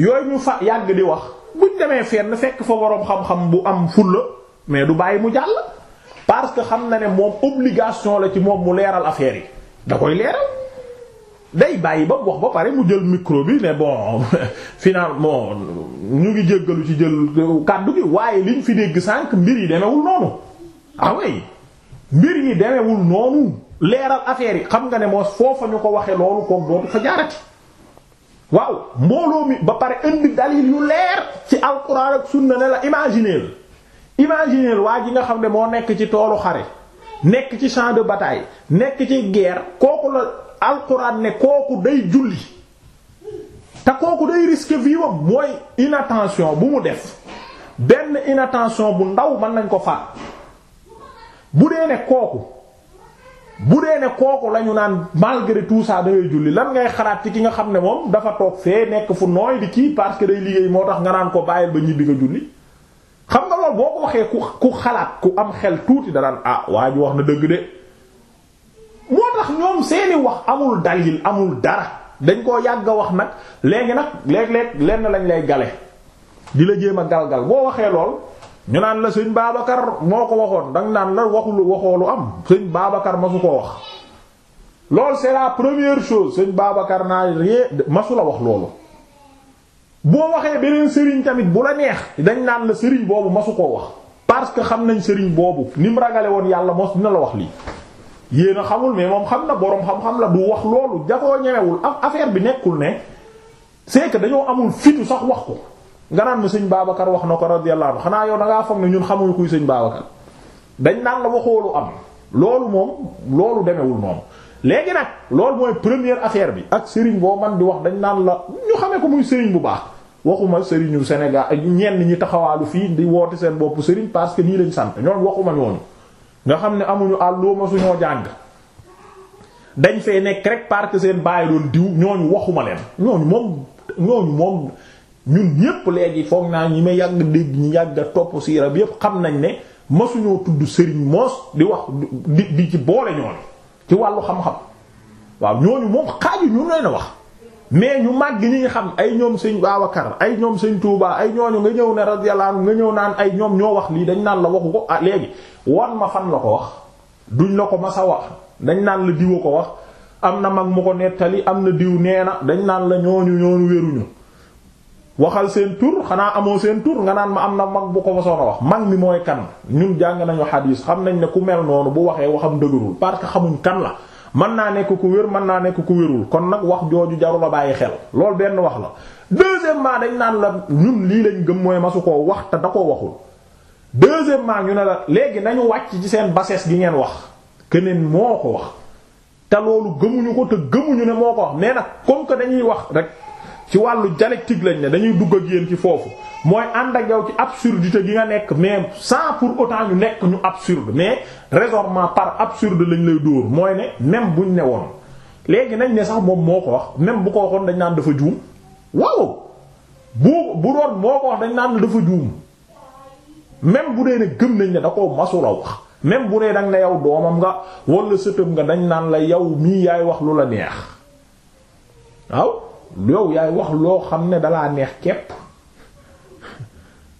yooyu ñu fa yàgg di wax buñ demee fenn fekk fa boroom xam-xam bu am fulla mais du bàyyi mu jàll parce que xam na ne moom obligation la ci moom mu leeral affaire yi da koy leeral day bàyyi ba wax ba pare mu jël micro bi ne bon <laughs> finalement ñu ngi jéggalu ci jël kàddu gi waaye liñ fi dégg sànq mbir yi demewul noonu ah mbir yi demewul noonu leeral affaire yi xam nga ne moo foofa ñu ko waxee loolu koog dootu fa waaw mbooloo mi ba pare indi dalil yu leer ci alquran ak sunna ne la imagineel imagineel waa ji nga xam ne moo nekk ci toolu xare nekk ci champ de bataay nekk ci guerre kooku la alquran ne kooku day julli te kooku day risque vie mooy inatention bu mu def benn inatention bu ndaw mën nañ ko faat bu dee ne kooku. bu dee ne kooku la ñu naan malgré tout ça da ngay julli lan ngay xalaat ci ki nga xam ne moom dafa toog fee nekk fu nooy di kii parce que day liggéey moo tax nga naan ko bàyyil ba ñibbi nga julli xam nga loolu boo ko waxee ku ku xalaat ku am xel tuuti danaan naan ah waa ji wax na dëgg de moo tax ñoom seeni wax amul dalil amul dara dañ koo yàgg wax nag léegi nag léeg-léeg lenn lañ lay gale di la jéem a galgal boo waxee lool. ñu naan la sëñ Babacar moo ko waxoon danga naan la waxul waxoo lu am sëñ ma masu ko wax loolu c'est la première chose sëñ Babacar naa ree masu la wax loolu boo waxee beneen sëriñ tamit bu la neex dañ naan la sëriñ boobu masu koo wax parce que xam nañ sëriñ boobu ni mu ragale woon yàlla mos dina la wax lii yéen a xamul mais moom xam na boroom xam-xam la du wax loolu jafoo ñemewul affaire bi nekkul ne c'est dañoo amul fitu sax wax ko nga naan ma sëñ Babacar wax na ko radiyallahu anhu xanaa yow da ngaa foog ne ñun xamuñu kuy sëñ Babacar dañ naan la waxoolu am loolu moom loolu demewul noonu léegi nag loolu mooy première affaire bi ak sëriñ boo man di wax dañ naan la ñu xamee ko muy sëriñ bu baax waxuma sëriñu Sénégal ñenn ñi taxawaalu fii di woote seen bopp sëriñ parce que nii lañ sant ñoom waxuma ñooñu nga xam ne amuñu àllooma suñoo jàng dañ fee nekk rek parce que seen bàyyi doon diw ñooñu waxuma leen ñooñu moom ñooñu ñun ñépp léegi foog naa ñi ma yàgg dégg ñi yàgg a topp siira bi yépp xam nañ ne masuñoo tudd sëriñ moos di wax di di ci boole ñooñu ci wàllu xam-xam waaw ñooñu moom xaaju ñu leen wax mais ñu màgg ñi nga xam ay ñoom sëñ Babacar ay ñoom sëñ tuubaa ay ñooñu nga ñëw ne radiyallahu anhu nga ñëw naan ay ñoom ñoo wax lii dañ naan la waxu ko ah léegi wan ma fan la ko wax duñ la ko masa wax dañ naan la diwa ko wax am na mag mu ko nettali am na diw nee na dañ naan la ñooñu ñooñu wéruñu waxal seen tur xanaa amoo seen tur nga naan ma am na mag bu ko fasoon a wax mag mi mooy kan ñun jàng nañu xadiis xam nañ ne ku mel noonu bu waxee waxam dëgërul parce que xamuñ kan la mën naa nekk ku wér mën naa nekk ku wérul kon nag wax jooju jaru bàyyi xel loolu benn wax la deuxièmement dañ naan la ñun lii lañ gëm mooy masu koo wax te da koo waxul deuxièmement ñu ne la léegi nañu wàcc ci seen bassesse gi ngeen wax keneen moo ko wax te loolu gëmuñu ko te gëmuñu ne moo ko wax mais nag comme que dañuy wax rek ci wàllu dialectique lañ ne dañuy dugg ak yéen ci foofu mooy ànd ak yow ci absurdité gi nga nekk mais sans pour autant ñu nekk ñu absurde mais raisonnement par absurde lañ lay dóor mooy ne même buñ ne woon léegi nañ ne sax moom moo ko wax même bu ko waxoon dañ naan dafa juum waaw bu ko wax dañ naan dafa juum même bu dee ne gëm nañ ne da koo masula wax même bu dee dang ne yow doomam nga wala sëtëm nga dañ naan la yow mii yaay wax lu la neex waaw yow yaay wax loo xam ne dalaa neex képp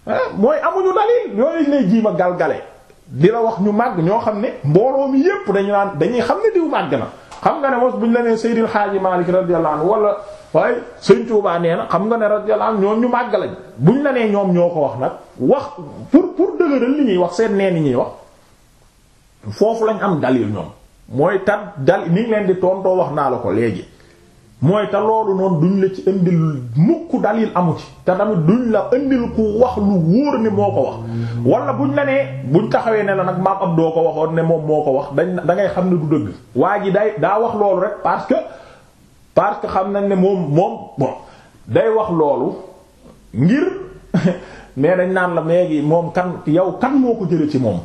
ah, mooy amuñu dalil yooyu lay jiima galgale di la wax ñu màgg ñoo xam ne mbooloo mi yépp dañu naan dañuy xam ne diw màgg na xam nga ne mos buñ la nee Seydil Xaaji Maalik wala waaye Sëriñ Tuubaa nee na xam nga ne ñoom ñu màgg lañ buñ la nee ñoom ñoo ko wax nag wax pour pour dëgëral li ñuy wax seen nee ni ñuy wax foofu lañ am dalil ñoom mooy tat dal ni leen di tontoo wax naa la ko léegi mooy te loolu noonu duñ la ci indil mukk dalil amu ci te tamit duñ la indil ku wax lu wóor moo ko wax wala buñ la nee buñ taxawee ne la nag maam ab doo ko waxoon ne moom moo ko wax dañ da ngay xam ne du dëgg waa ji day daa wax loolu rek parce que parce que xam nañ ne moom moom day wax loolu ngir <laughs> mais dañ naan la léegi moom kan yow kan moo ko jële ci moom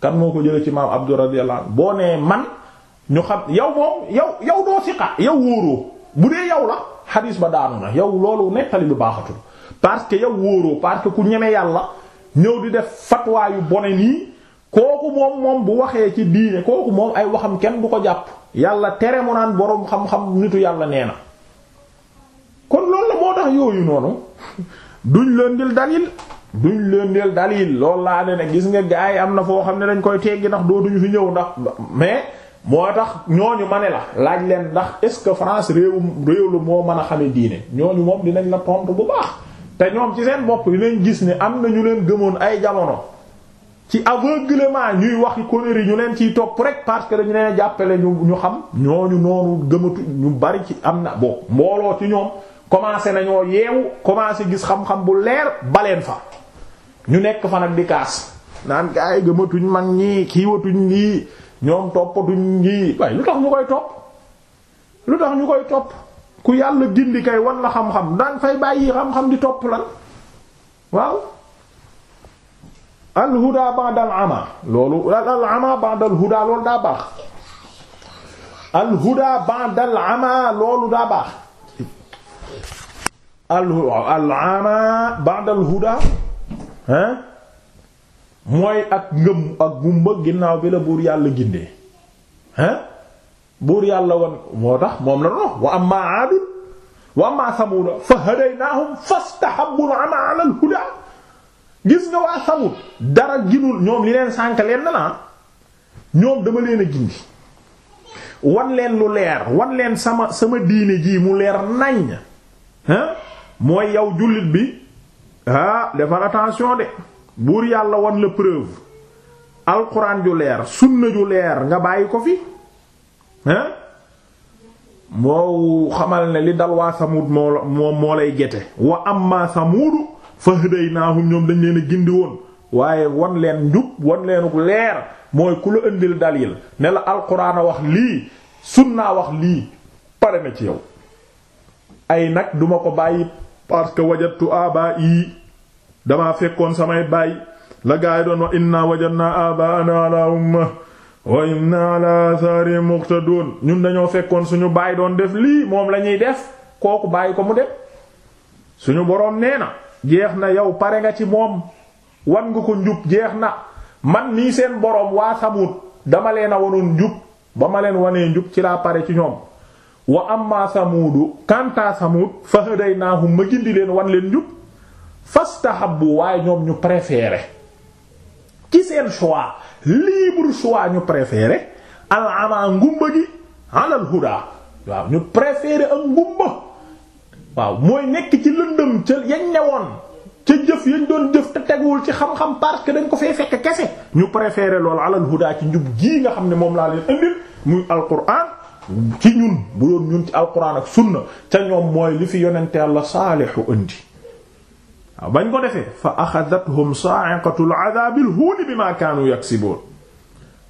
kan moo ko jële ci maam Abdou radiyallahu boo nee man ñu xam yow moom yow yow doo siqa yow wóoroo bu dee yow la xadiis ba daanu na yow loolu nettali bi baaxatul parce que yow wóoroo parce que ku ñeme yàlla ñëw di def fatwa yu bone nii kooku moom moom bu waxee ci diine kooku moom ay waxam kenn du ko jàpp yàlla tere mu naan boroom xam-xam nitu yàlla nee na kon loolu la moo tax yooyu noonu duñ leen dil dalil duñ leen dil dalil lool laa ne ne gis nga gaay am na foo xam ne dañ koy teggi ndax dootuñu fi ñëw ndax mais moo tax ñooñu ma ne la laaj leen ndax est-ce que France réewum réew lu moo mën a xame diine ñooñu moom dinañ la tontu bu baax te ñoom ci seen bopp dinañ gis ni am na ñu leen gëmoon ay jamono ci aveuglement ñuy wax conneries ñu leen ciy topp rek parce que dañu leen jàppale ñu ñu xam ñooñu noonu gëmatu ñu bari ci am na boo mbooloo ci ñoom commencé nañoo yeewu commencé gis xam-xam bu leer baleen fa ñu nekk fa nag di kaas naan gaa gëmatuñ mag ñi kiiwatuñ lii ñoom toppatuñ ngi waaye lu tax ñu koy topp lu tax ñu koy topp ku yàlla gindi kay wan la xam-xam daan fay bàyyi xam-xam di topp lan waaw al huda ba'da al ama loolu al ama ba'da al huda loolu daa baax al huda ba'da al ama loolu daa baax al ama ba'da al huda hein mooy ak ngëm ak gumba ginnaaw bi la buur yàlla gindee hein buur yàlla won moo tax moom la doon wa amma aadun wa amma samuuda fa hadaynaahum fastahabbul ama ala al huda gis nga waa samud dara ginul ñoom li leen sànk leen na la ñoom dama leen a gindi wan leen lu leer wan leen sama sama diine jii mu leer naññ hein mooy yow jullit bi ah defal attention de buur yàlla wan la preuve alxuraan ju leer sunna ju leer nga bàyyi ko fi hein moo xamal ne li dal waa samud moo moom moo lay gete wa amma naa fahdaynahum ñoom dañ leen a gindi woon waaye wan leen njub wan leenuk leer mooy ku la indil dalil ne la alxuraan a wax lii sunnaa wax lii pare na ci yow ay nag duma ko bàyyi parce que wajatu aba yi damaa fekkoon samay baay la gaa yi doon wax inna wajadna abaana ala umma wa inna ala athari muqtadun ñun dañoo fekkoon suñu baay doon def lii moom la ñuy def kooku bàyyi ko mu def suñu boroom nee na jeex na yow pare nga ci moom wan nga ko njub jeex na man nii seen boroom waa samut dama leen a wanoon njub ba ma leen wanee njub ci laa pare ci ñoom wa amma samudu kanta samut fa hadaynahum ma gindi leen wan leen njub fastahabbu waaye ñoom ñu préféré ci seen choix libre choix ñu préféré al ama ngumba gi alal huda waaw ñu préféré ak ngumba waaw mooy nekk ci lëndëm ca yañ ñewoon ca jëf yañ doon jëf te teguwul ci xam-xam parce que dañ ko fee fekk kese ñu préféré loolu alal huda ci njub gii nga xam ne moom laa leen indil muy alquran ci ñun bu doon ñun ci alquran ak sunna ca ñoom mooy li fi yonente Yàlla saalihu indi bañ ko defee fa axadathum sa'iqatul adaabil huuni bima kaanu yaksibuun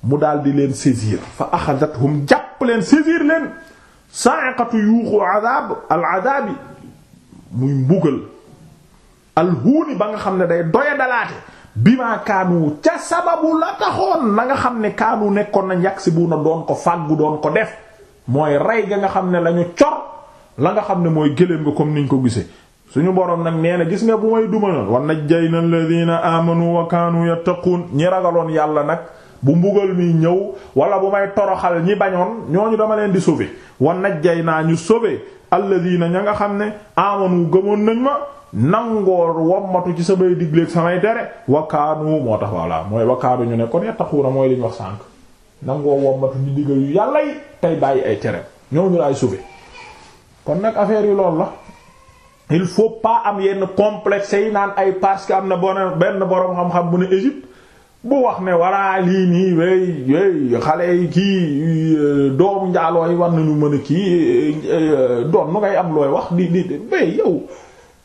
mu dal di leen saisir fa axadathum jàpp leen saisir leen sa'iqatu yuuxu adaab al adaabi muy mbugal al huuni ba nga xam ne day doya dalaate bima kaanu ca sababu la taxoon na nga xam ne kaanu nekkoon nañ na doon ko bu doon ko def mooy rey ga nga xam ne lañu cor la nga xam ne mooy gëléem nga comme niñ ko gisee suñu boroom nag nee na gis nga bu may duma war na jay na alladina amanu wa kaanu yattaquun ñi ragaloon yàlla nag bu mbugal mi ñëw wala bu may toroxal ñi bañoon ñoo ñu dama leen di sauver wan najjay naa ñu sauver alladina ña nga xam ne amanu gëmoon nañ ma nangoo wommatu ci samay digleeg samay tere wakaanu moo tax voilà mooy wakaanu ñu ne kon yattaxuuna mooy li ñu wax sànk nangoo wommatu ñu digal yu yàlla yi tey bàyyi ay tere ñooñu ñu sauver kon nag il faut pas am yenn complexe yi naan ay parce que am na bon benn boroom xam-xam bu ne Égypte bu wax ne walla lii nii wey wey xale yi kii euh, doomu njaaloo yi war nañu mën a kii euh, euh, doon nu ngay am looy wax di di bay yow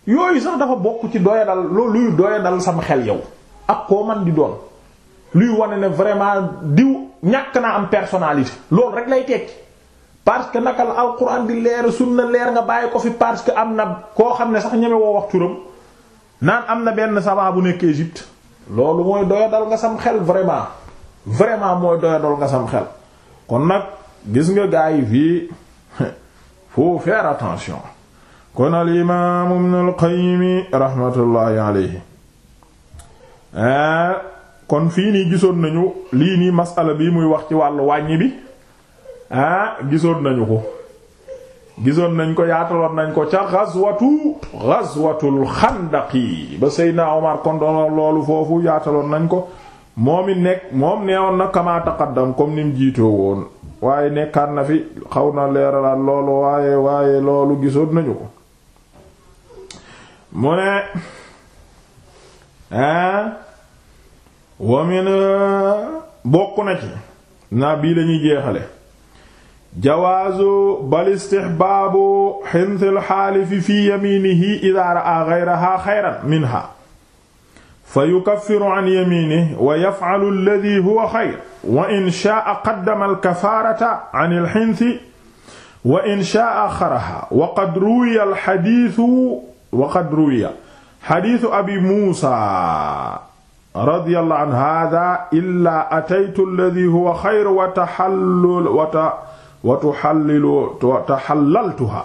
yooyu sax dafa bokk ci doyadal luy doyadal sama xel yow ak koo man di doon luy wane ne vraiment diw ñàkk naa am personnalité loolu rek lay tekki parce que naka la nakal alquran di leer sunna leer nga bàyyi ko fi parce que am na koo xam ne sax ñeme woo wax turam naan am na benn sabaa bu nekk Égypte loolu mooy doyadal nga sam xel vraiment vraiment mooy doyadal nga sam xel kon nag gis nga gaa yi fii <laughs> faut faire attention kon al imaam ibn al qayyim rahmatullahi kon fii nii gisoon nañu lii nii masala bi muy wax ci wàllu wàññi bi Ah, gisoon nañu ko gisoon nañ ko yaataloon nañ ko ca ghazwatu ghazwatul xandaqi ba Seydina Omar kon doon loolu foofu yaataloon nañ ko moom it nekk moom neewoon na kama taqaddam woon waaye nekkaat na fi xaw na leeralaat loolu waaye loolu gisoon nañu ko mu ne ah bokk na ci naa bii lañuy jeexale jawaazu bal istihbaabu xintil xaalifi fi yaminihi idaa raa gayraha xayran minha fa yukaffiru an yaminihi wa yaf'alu alladhi huwa xayr wa in shaa'a qaddama alkafaarata an alxinti wa in shaa'a axaraha wa qad ruwiya alxadiisu wa qad ruwiya xadiisu abi muusa radiyallahu an haaza illaa ataytu alladhi huwa xayr wa taxallul wa wa tuhallilu tahallaltuha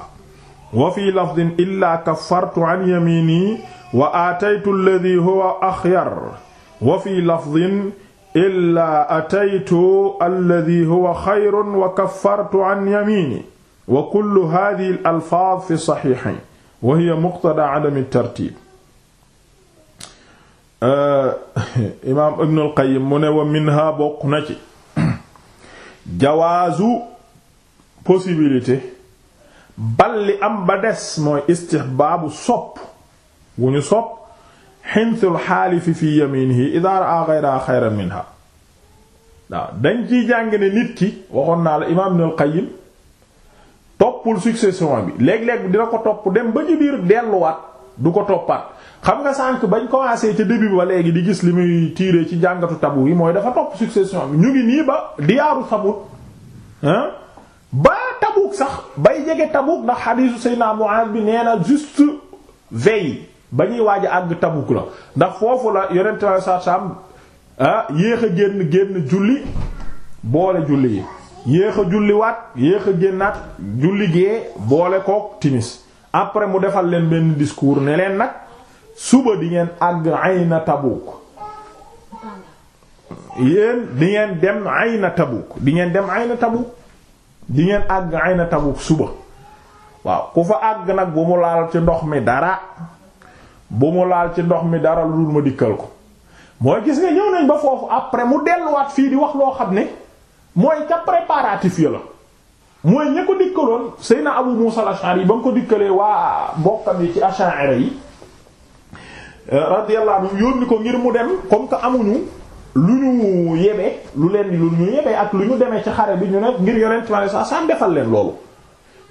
wa fi lafdin illa kaffartu an yamini wa ataytu alladhi huwa akhyar wa fi lafdin illa ataytu alladhi huwa khayrun wa kaffartu an yamini wa kullu hadhihi al-alfaz fi sahihayn wa hiya muqtada adam at-tartib imaam Ibn al-Qayyim mu ne wa minha bokk na ci jawaazu possibilité bal li am ba des mooy istihbaabu sopp wu ñu sopp xintul xaalifi fi yaminihi idha ra'a ghayra khayran minha waaw dañ ci jàng ne nit ki waxoon naa la imaam Ibnul Qayyim toppul succession bi léeg-léeg dina ko topp dem ba ci delluwaat du ko toppaat xam nga sànq bañ commencé ca début ba léegi di gis li muy tiiree ci jàngatu tabu yi mooy dafa topp succession bi ñu ngi nii ba diyaaru sabut hein ba Tabuk sax bay jege Tabuk ndax xadiisu Seydina Muaz bi nee na juste veille ba ñuy waaj a àgg Tabuk la ndax foofu la yonent sa sam ah, yéex a génn génn julli boole julli yi yéex a julliwaat yéex a génnaat julli gee boole kook timis après mu defal leen benn discours ne leen nag suba di ngeen àgg ayna Tabuk yéen di ngeen dem na Tabuk di ngeen dem ayna Tabuk di ngeen àgg ay na Tabuk suba waaw ku fa àgg nag bu mu laal ci ndox mi dara bu mu laal ci ndox mi dara lu dul ma dikkal ko mooy gis ne ñëw nañ ba foofu après mu delluwaat fii di wax loo xam ne mooy ca préparatif ya la mooy ña ko dikkaloon na Abu Musa al-Ash'ari yi ba mu ko dikkalee waa bokkam yi ci Ash'ari yi radiyallahu anhu yónni ko ngir mu dem comme que amuñu lu ñu yebee lu leen di lu ñu yebee ak lu ñu demee ci xare bi ñu ne ngir yonent bi alayhi salaam defal leen loolu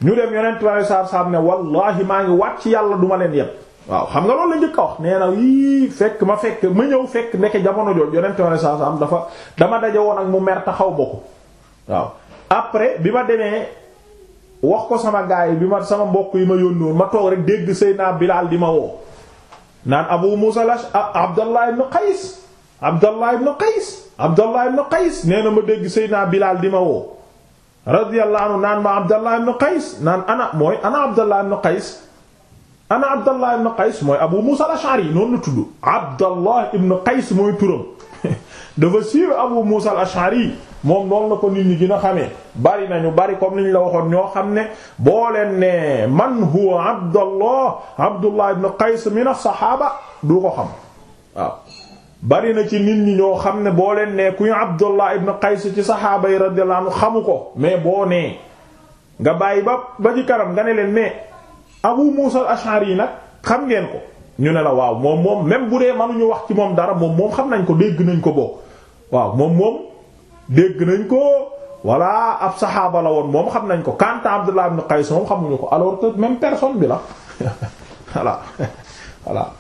ñu dem yonent bi alayhi salaam ne wallahi maa ngi wàcc yàlla duma leen yeb waaw xam nga loolu la njëkk a wax nee na fekk ma fekk ma ñëw fekk ndeke jamono jooju yonent bi saa salaam dafa dama daje woon ak mu mer taxaw bokku waaw après bi ma demee wax ko sama gaay bi ma sama mbokk yi ma yónni woon ma toog rek dégg naa Bilaal di ma woo naan Abu Abdallah ibn Qays Abdallah ibn Qays nee na ma dégg Seydina Bilal di ma woo radiyallahu anhu naan ma Abdallah ibn Qays naan ana mooy ana Abdallah ibn Qays ana Abdallah ibn Qays mooy tudd Abdallah ibn Qays mooy turam <laughs> dafa siiw Abu Musa al-Ash'ari moom noonu la ko nit ñi gën a xamee bari nañu bari comme ni ñu la waxoon ñoo xam ne boo leen ne man huwa Abdallah Abdallah ibn Qays min as-sahaba du ko xam waaw bari na ci nit ñi ñoo xam ne boo leen nee ku kuy Abdullah ibn Qays ci saxaaba yi radiyallahu anhu xamu ko mais boo nee nga bàyyi ba ba ci kanam nga ne leen mais Abu Musa al yi nag xam ngeen ko ñu ne la waaw moom moom même bu dee mënuñu wax ci moom dara moom moom xam nañ ko dégg nañ ko bokk waaw moom moom dégg nañ ko walla ab saxaaba la woon moom xam nañ ko quant à Abdullah ibn Qays moom xamuñu ko alors que même personne bi la <laughs> voilà <laughs>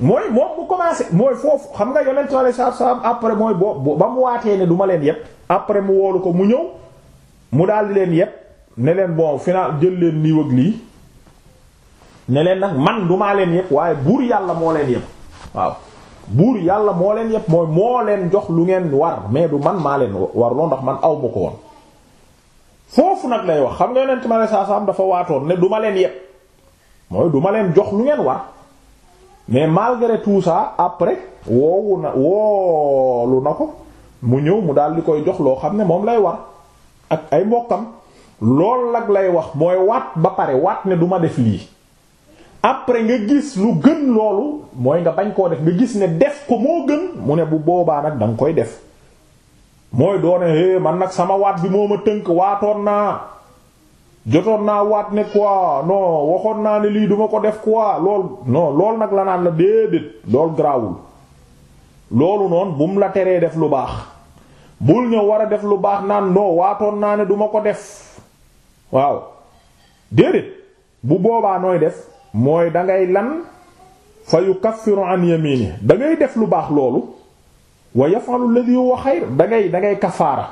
mooy moom bu commencé mooy foofu xam nga yonent sallallahu alayhi wasallam après mooy boo ba mu waatee ne duma leen yépp après mu woolu ko mu ñëw mu daal di leen yépp ne leen bon final jël leen nii ak lii ne leen nag man du maa leen yépp waaye buur yàlla moo leen yépp waaw buur yàlla moo leen yépp mooy moo leen jox lu ngeen war mais du man maa leen war loo ndax man aw ma ko woon foofu nag lay wax xam nga yonent ma alayhi wasallam dafa waatoon ne du ma leen yépp mooy du ma leen jox lu ngeen war. mais malgré tout ça après woowu na woolu na ko mu ñëw mu daal di koy jox loo xam ne moom lay war ak ay mbokkam lool nag lay wax mooy waat ba pare waat ne du ma def lii après nga gis lu gën loolu mooy nga bañ koo def nga gis ne def ko moo gën mu ne bu boobaa nag da nga koy def mooy doone é man nag sama waat bi moo ma tënk waatoon naa jotoon naa waat ne quoi non waxoon naa ne lii duma ko def quoi lool non lool nag la naan la déedéet lool garaawul loolu noonu bu mu la teree def lu baax bul ñëw war a def lu baax naan non waatoon naa ne duma ko def waaw déedéet bu boobaa nooy def mooy dangay lan fa yukaffiru an yamini dangay def lu baax loolu wa yaf'alu alladhi huwa dangay dangay kafaara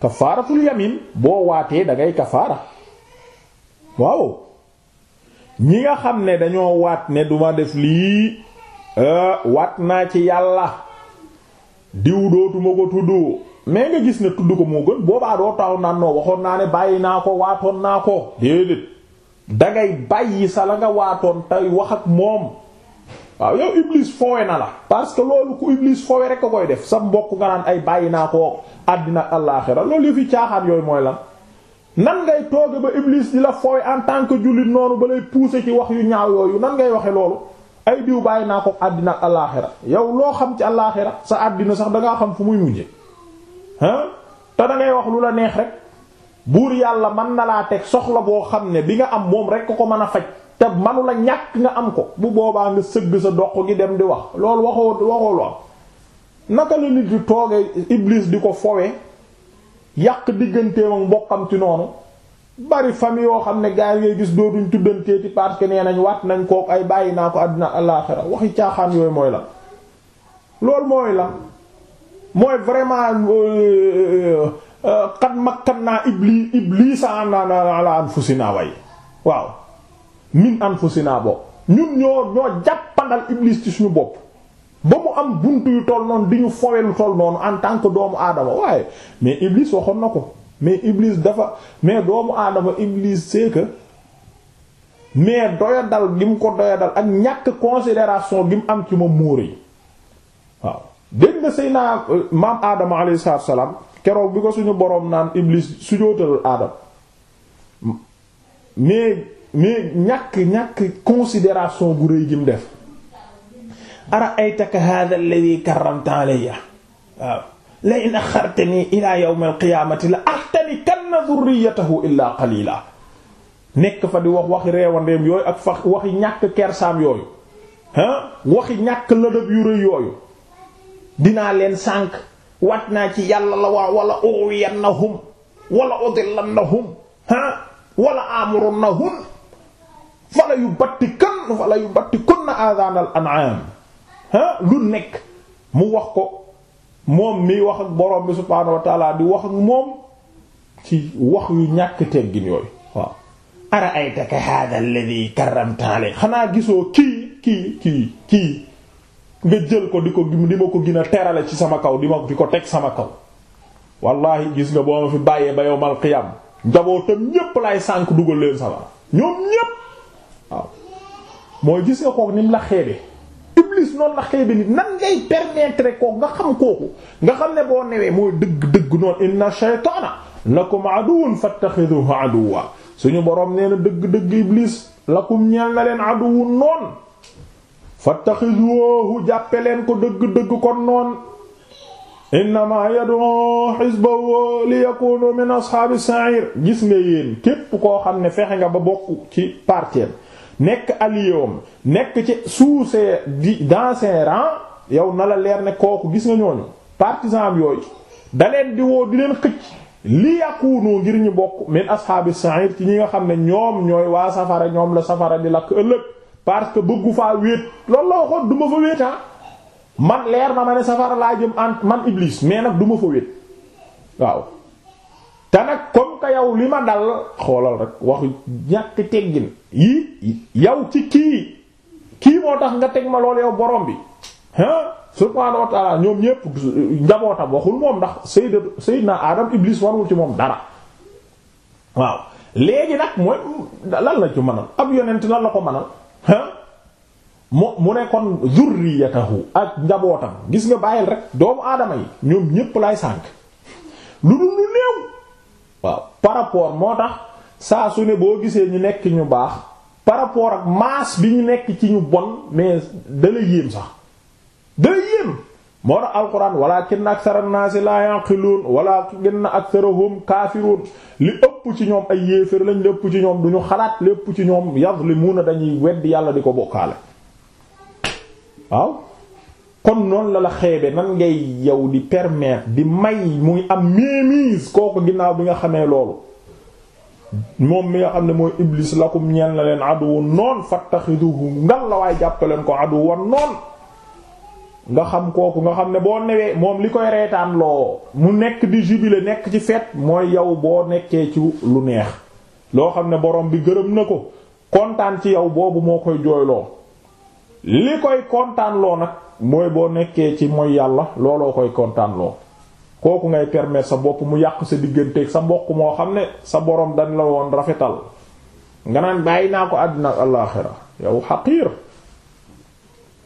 kafaaratul yamin boo waatee da ngay kafaara waaw ñi nga xam ne dañoo waat ne duma def lii euh, waat naa ci yàlla diw dootuma ko tudd mais nga gis ne tudd ko moo gën boobaa doo taw naan waxoon naa ne bàyyi naa ko waatoon naa ko déedéet dangay bàyyi sa la nga waatoon tey wax ak moom waaw yow Iblis fowe na la parce que loolu ku Iblis fowe rek a koy def sa mbokk nga naan ay bàyyi naa ko àddina àllaaxira loolu yëfi caaxaan yooyu mooy lan. nan ngay tooge ba Iblis di la fowe en tant que jullit noonu ba lay pousser ci wax yu ñaaw yooyu nan ngay waxe loolu ay diw bàyyi naa ko àddina ak àllaaxira yow loo xam ci àllaaxira sa àddina sax dangaa xam fu muy mujje ah te da ngay wax lu la neex rek buur yàlla man na laa teg soxla boo xam ne bi nga am moom rek ko mën a faj. te manu la ñàkk nga am ko bu boobaa nga sëgg sa doq gi dem di wax loolu waxoo waxoo am naka la nit di toogee Iblis di ko fowe yàq digganteem ak mbokkam ci noonu bari famille yoo xam ne gaa yi ngay gis dootuñ tuddanteeti parce que nee nañ waat nañ kook ay bàyyi naa ko àddina àllaaxira waxi caaxaan yooyu mooy la loolu mooy la mooy vraiment xat euh, euh, euh, makkat naa iblis iblisa naa naa naa laa am fu naa way waaw min naa bopp ñun ñoo ñoo jàppandal iblis ci suñu bopp ba mu am bunt yu toll noonu di ñu fowelu toll noonu en tant que doomu aadama waaye mais iblis waxoon na ko mais iblis dafa mais doomu aadama iblis c'est que mais doyadal gi mu ko doyadal ak ñàkk considération gi mu am ci ma móor yi waaw dégg nga sëy naa euh, maam aadama alayhi salaam keroog bi ko suñu boroom naan iblis sujjóotal aadama mais mais ñàkk ñàkk considération gu rëy gi mu def ara aytaka hadha alladhi karramta alayya waaw la in axartani ila yawm alqiyamati la ahtanikanna dhurriyyatahu illa qalila nekk fa di wax waxi reewandeem yooyu ak fa waxi ñàkk kersaam yooyu ah waxi ñàkk ladab yu rëy yooyu dinaa leen sànk wat naa ci yàlla la waa wala uwiyannahum wala udillannahum ah wala amurunahum fala yu batti kan yu batti kun na aadaanal an'am ha lu nekk mu wax ko moom miy wax ak borom bi subhaanahu wa di wax ak moom ci wax yu ñàkk teggin yooyu waaw ara aytaka hada alladhi karramta alay xanaa gisoo kii kii kii kii nga jël ko di ko di ma ko gën terale ci sama kaw di ma ko teg sama kaw wallahi gis nga boo ma fi bàyyee ba yowmal qiyam njabootam ñépp lay sànk dugal leen sama ñoom ñépp waaw mooy gis nga kooku la xeebe iblis noonu la xeebe nit nan ngay permettre nga xam kooku nga xam ne boo newee mooy dëgg dëgg noonu inna shaytaana lakum aduwwun fattaxiduhu aduwwa suñu boroom nee na dëgg dëgg iblis lakum ñeel na leen aduwwun noon fattaxiduhu jàppe leen ko dëgg dëgg kon noon innama yad'u hizbahu liyakunu min ashaabis sa'ir gis nga yéen képp koo xam ne fexe nga ba bokk ci parteem nekk alliéwam nekk ci sous di dans ses yow na la leer ne kooku gis nga ñooñu partisan yooyu da leen di woo di leen xëcc li yàquwunu ngir ñu bokk min ashaabi sa'ir ci ñi nga xam ne ñoom ñooy waa safara ñoom la safara di lakk ëllëg parce que bëggu faa wéet lool la waxoon du ma fa wéet ah. man leer na ma ne safara laa jëm man iblis mais nag duma ma fa wéet waaw te nag comme que yow li ma dal xoolal rek waxu ñàkk teggin yi yow ci kii kii moo tax nga teg ma lool yow borom bi ah subhaanahu wa ta'ala ñoom ñépp njabootam waxul moom ndax sayyid sayyidna Adam Iblis warul ci moom dara waaw léegi nag mooy lan la ci mënal ab yonent lan la ko mënal ah mu mu ne kon zurriyatahu ak njabootam gis nga bàyyil rek doomu aadama yi ñoom ñépp lay sànk lu dul lu néew. waaw par rapport moo tax saa su ne boo gisee ñu nekk ñu baax par rapport ak masse bi ñu nekk ci ñu bon mais dala yéem sax dala yéem moo tax alquran walakinna akthara an ak la yaqilun li ëpp ci ñoom ay yéefér lañ li ëpp ci ñoom du ñu xalaat li ëpp ci ñoom yazlimuna dañuy weddi yàlla di ko bokkaale waaw kon noonu la la xeebe nan ngay yow di permettre di may muy am méemise kooku ginnaaw bi nga xamee loolu moom mi nga xam ne mooy iblis lakum ñeen na leen aduwu noon fattaxiduhu ngal la waaye jàpp leen ko adu wan noon nga xam kooku nga xam ne boo newee moom li koy reetaan loo mu nekk di jubile nekk ci feet mooy yow boo nekkee ci lu neex loo xam ne borom bi gërëm na ko kontaan ci yow boobu moo koy jooyloo li koy kontaan loo nag mooy boo nekkee ci mooy yàlla looloo koy kontaanloo kooku ngay permettre sa bopp mu yàq sa digganteeg sa mbokk moo xam ne sa boroom dañ la woon rafetal nga naan bàyyi naa ko àddina ak alaaxira yow xaqiir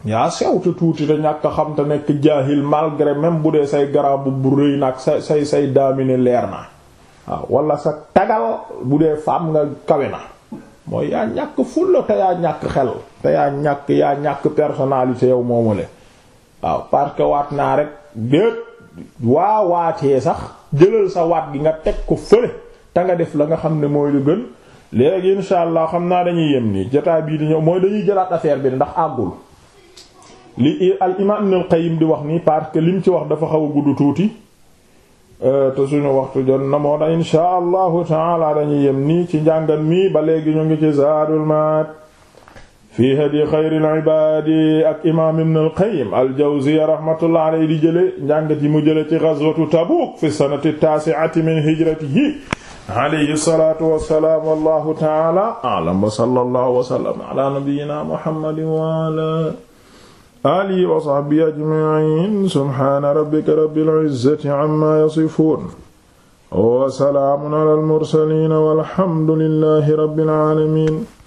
yaa sew te tuuti te ñàkk xam te nekk jaahil malgré même bu dee say garab bu rëy nag say say say daamine leer na wala sa tagal bu dee faam nga kawe yaa ñàkk yaa ñàkk xel te yaa ñàkk yaa ñàkk personnalité yow moomule waaw parce que waat naa rek déet waa waatee sax jëlal sa waat gi nga teg ko fële te nga def la nga xam ne mooy lu gën léegi insha allah xam naa dañuy yem nii jotaay bii di ñëw mooy dañuy jëlaat affaire bi ndax àggul li al imam Ibn al di wax nii parce que lim ci wax dafa xaw a gudd tuuti euh, te suñu waxtu jot na moo tax insha allahu taala dañuy yem nii ci njàngat mii ba léegi ñu ngi ci Zaadul Maat fii hadi xayril ibaadi ak imaam ibn al qayyim al jawziyya rahmatullah alayhi di jële njàngat yi mu jële ci ghazwatu tabuuk fi sanati taasi'ati min hijratihi alayhi salaatu wa salaam wallaahu ta'aala a'lam wa sallallaahu wa sallam ala nabiyyina muhammadin wa ala aalihi wa sahbihi ajma'iin subhaana rabbika rabbil izzati amma yasifuun wa salaamun alal mursaliin walhamdulillaahi rabbil aalamiin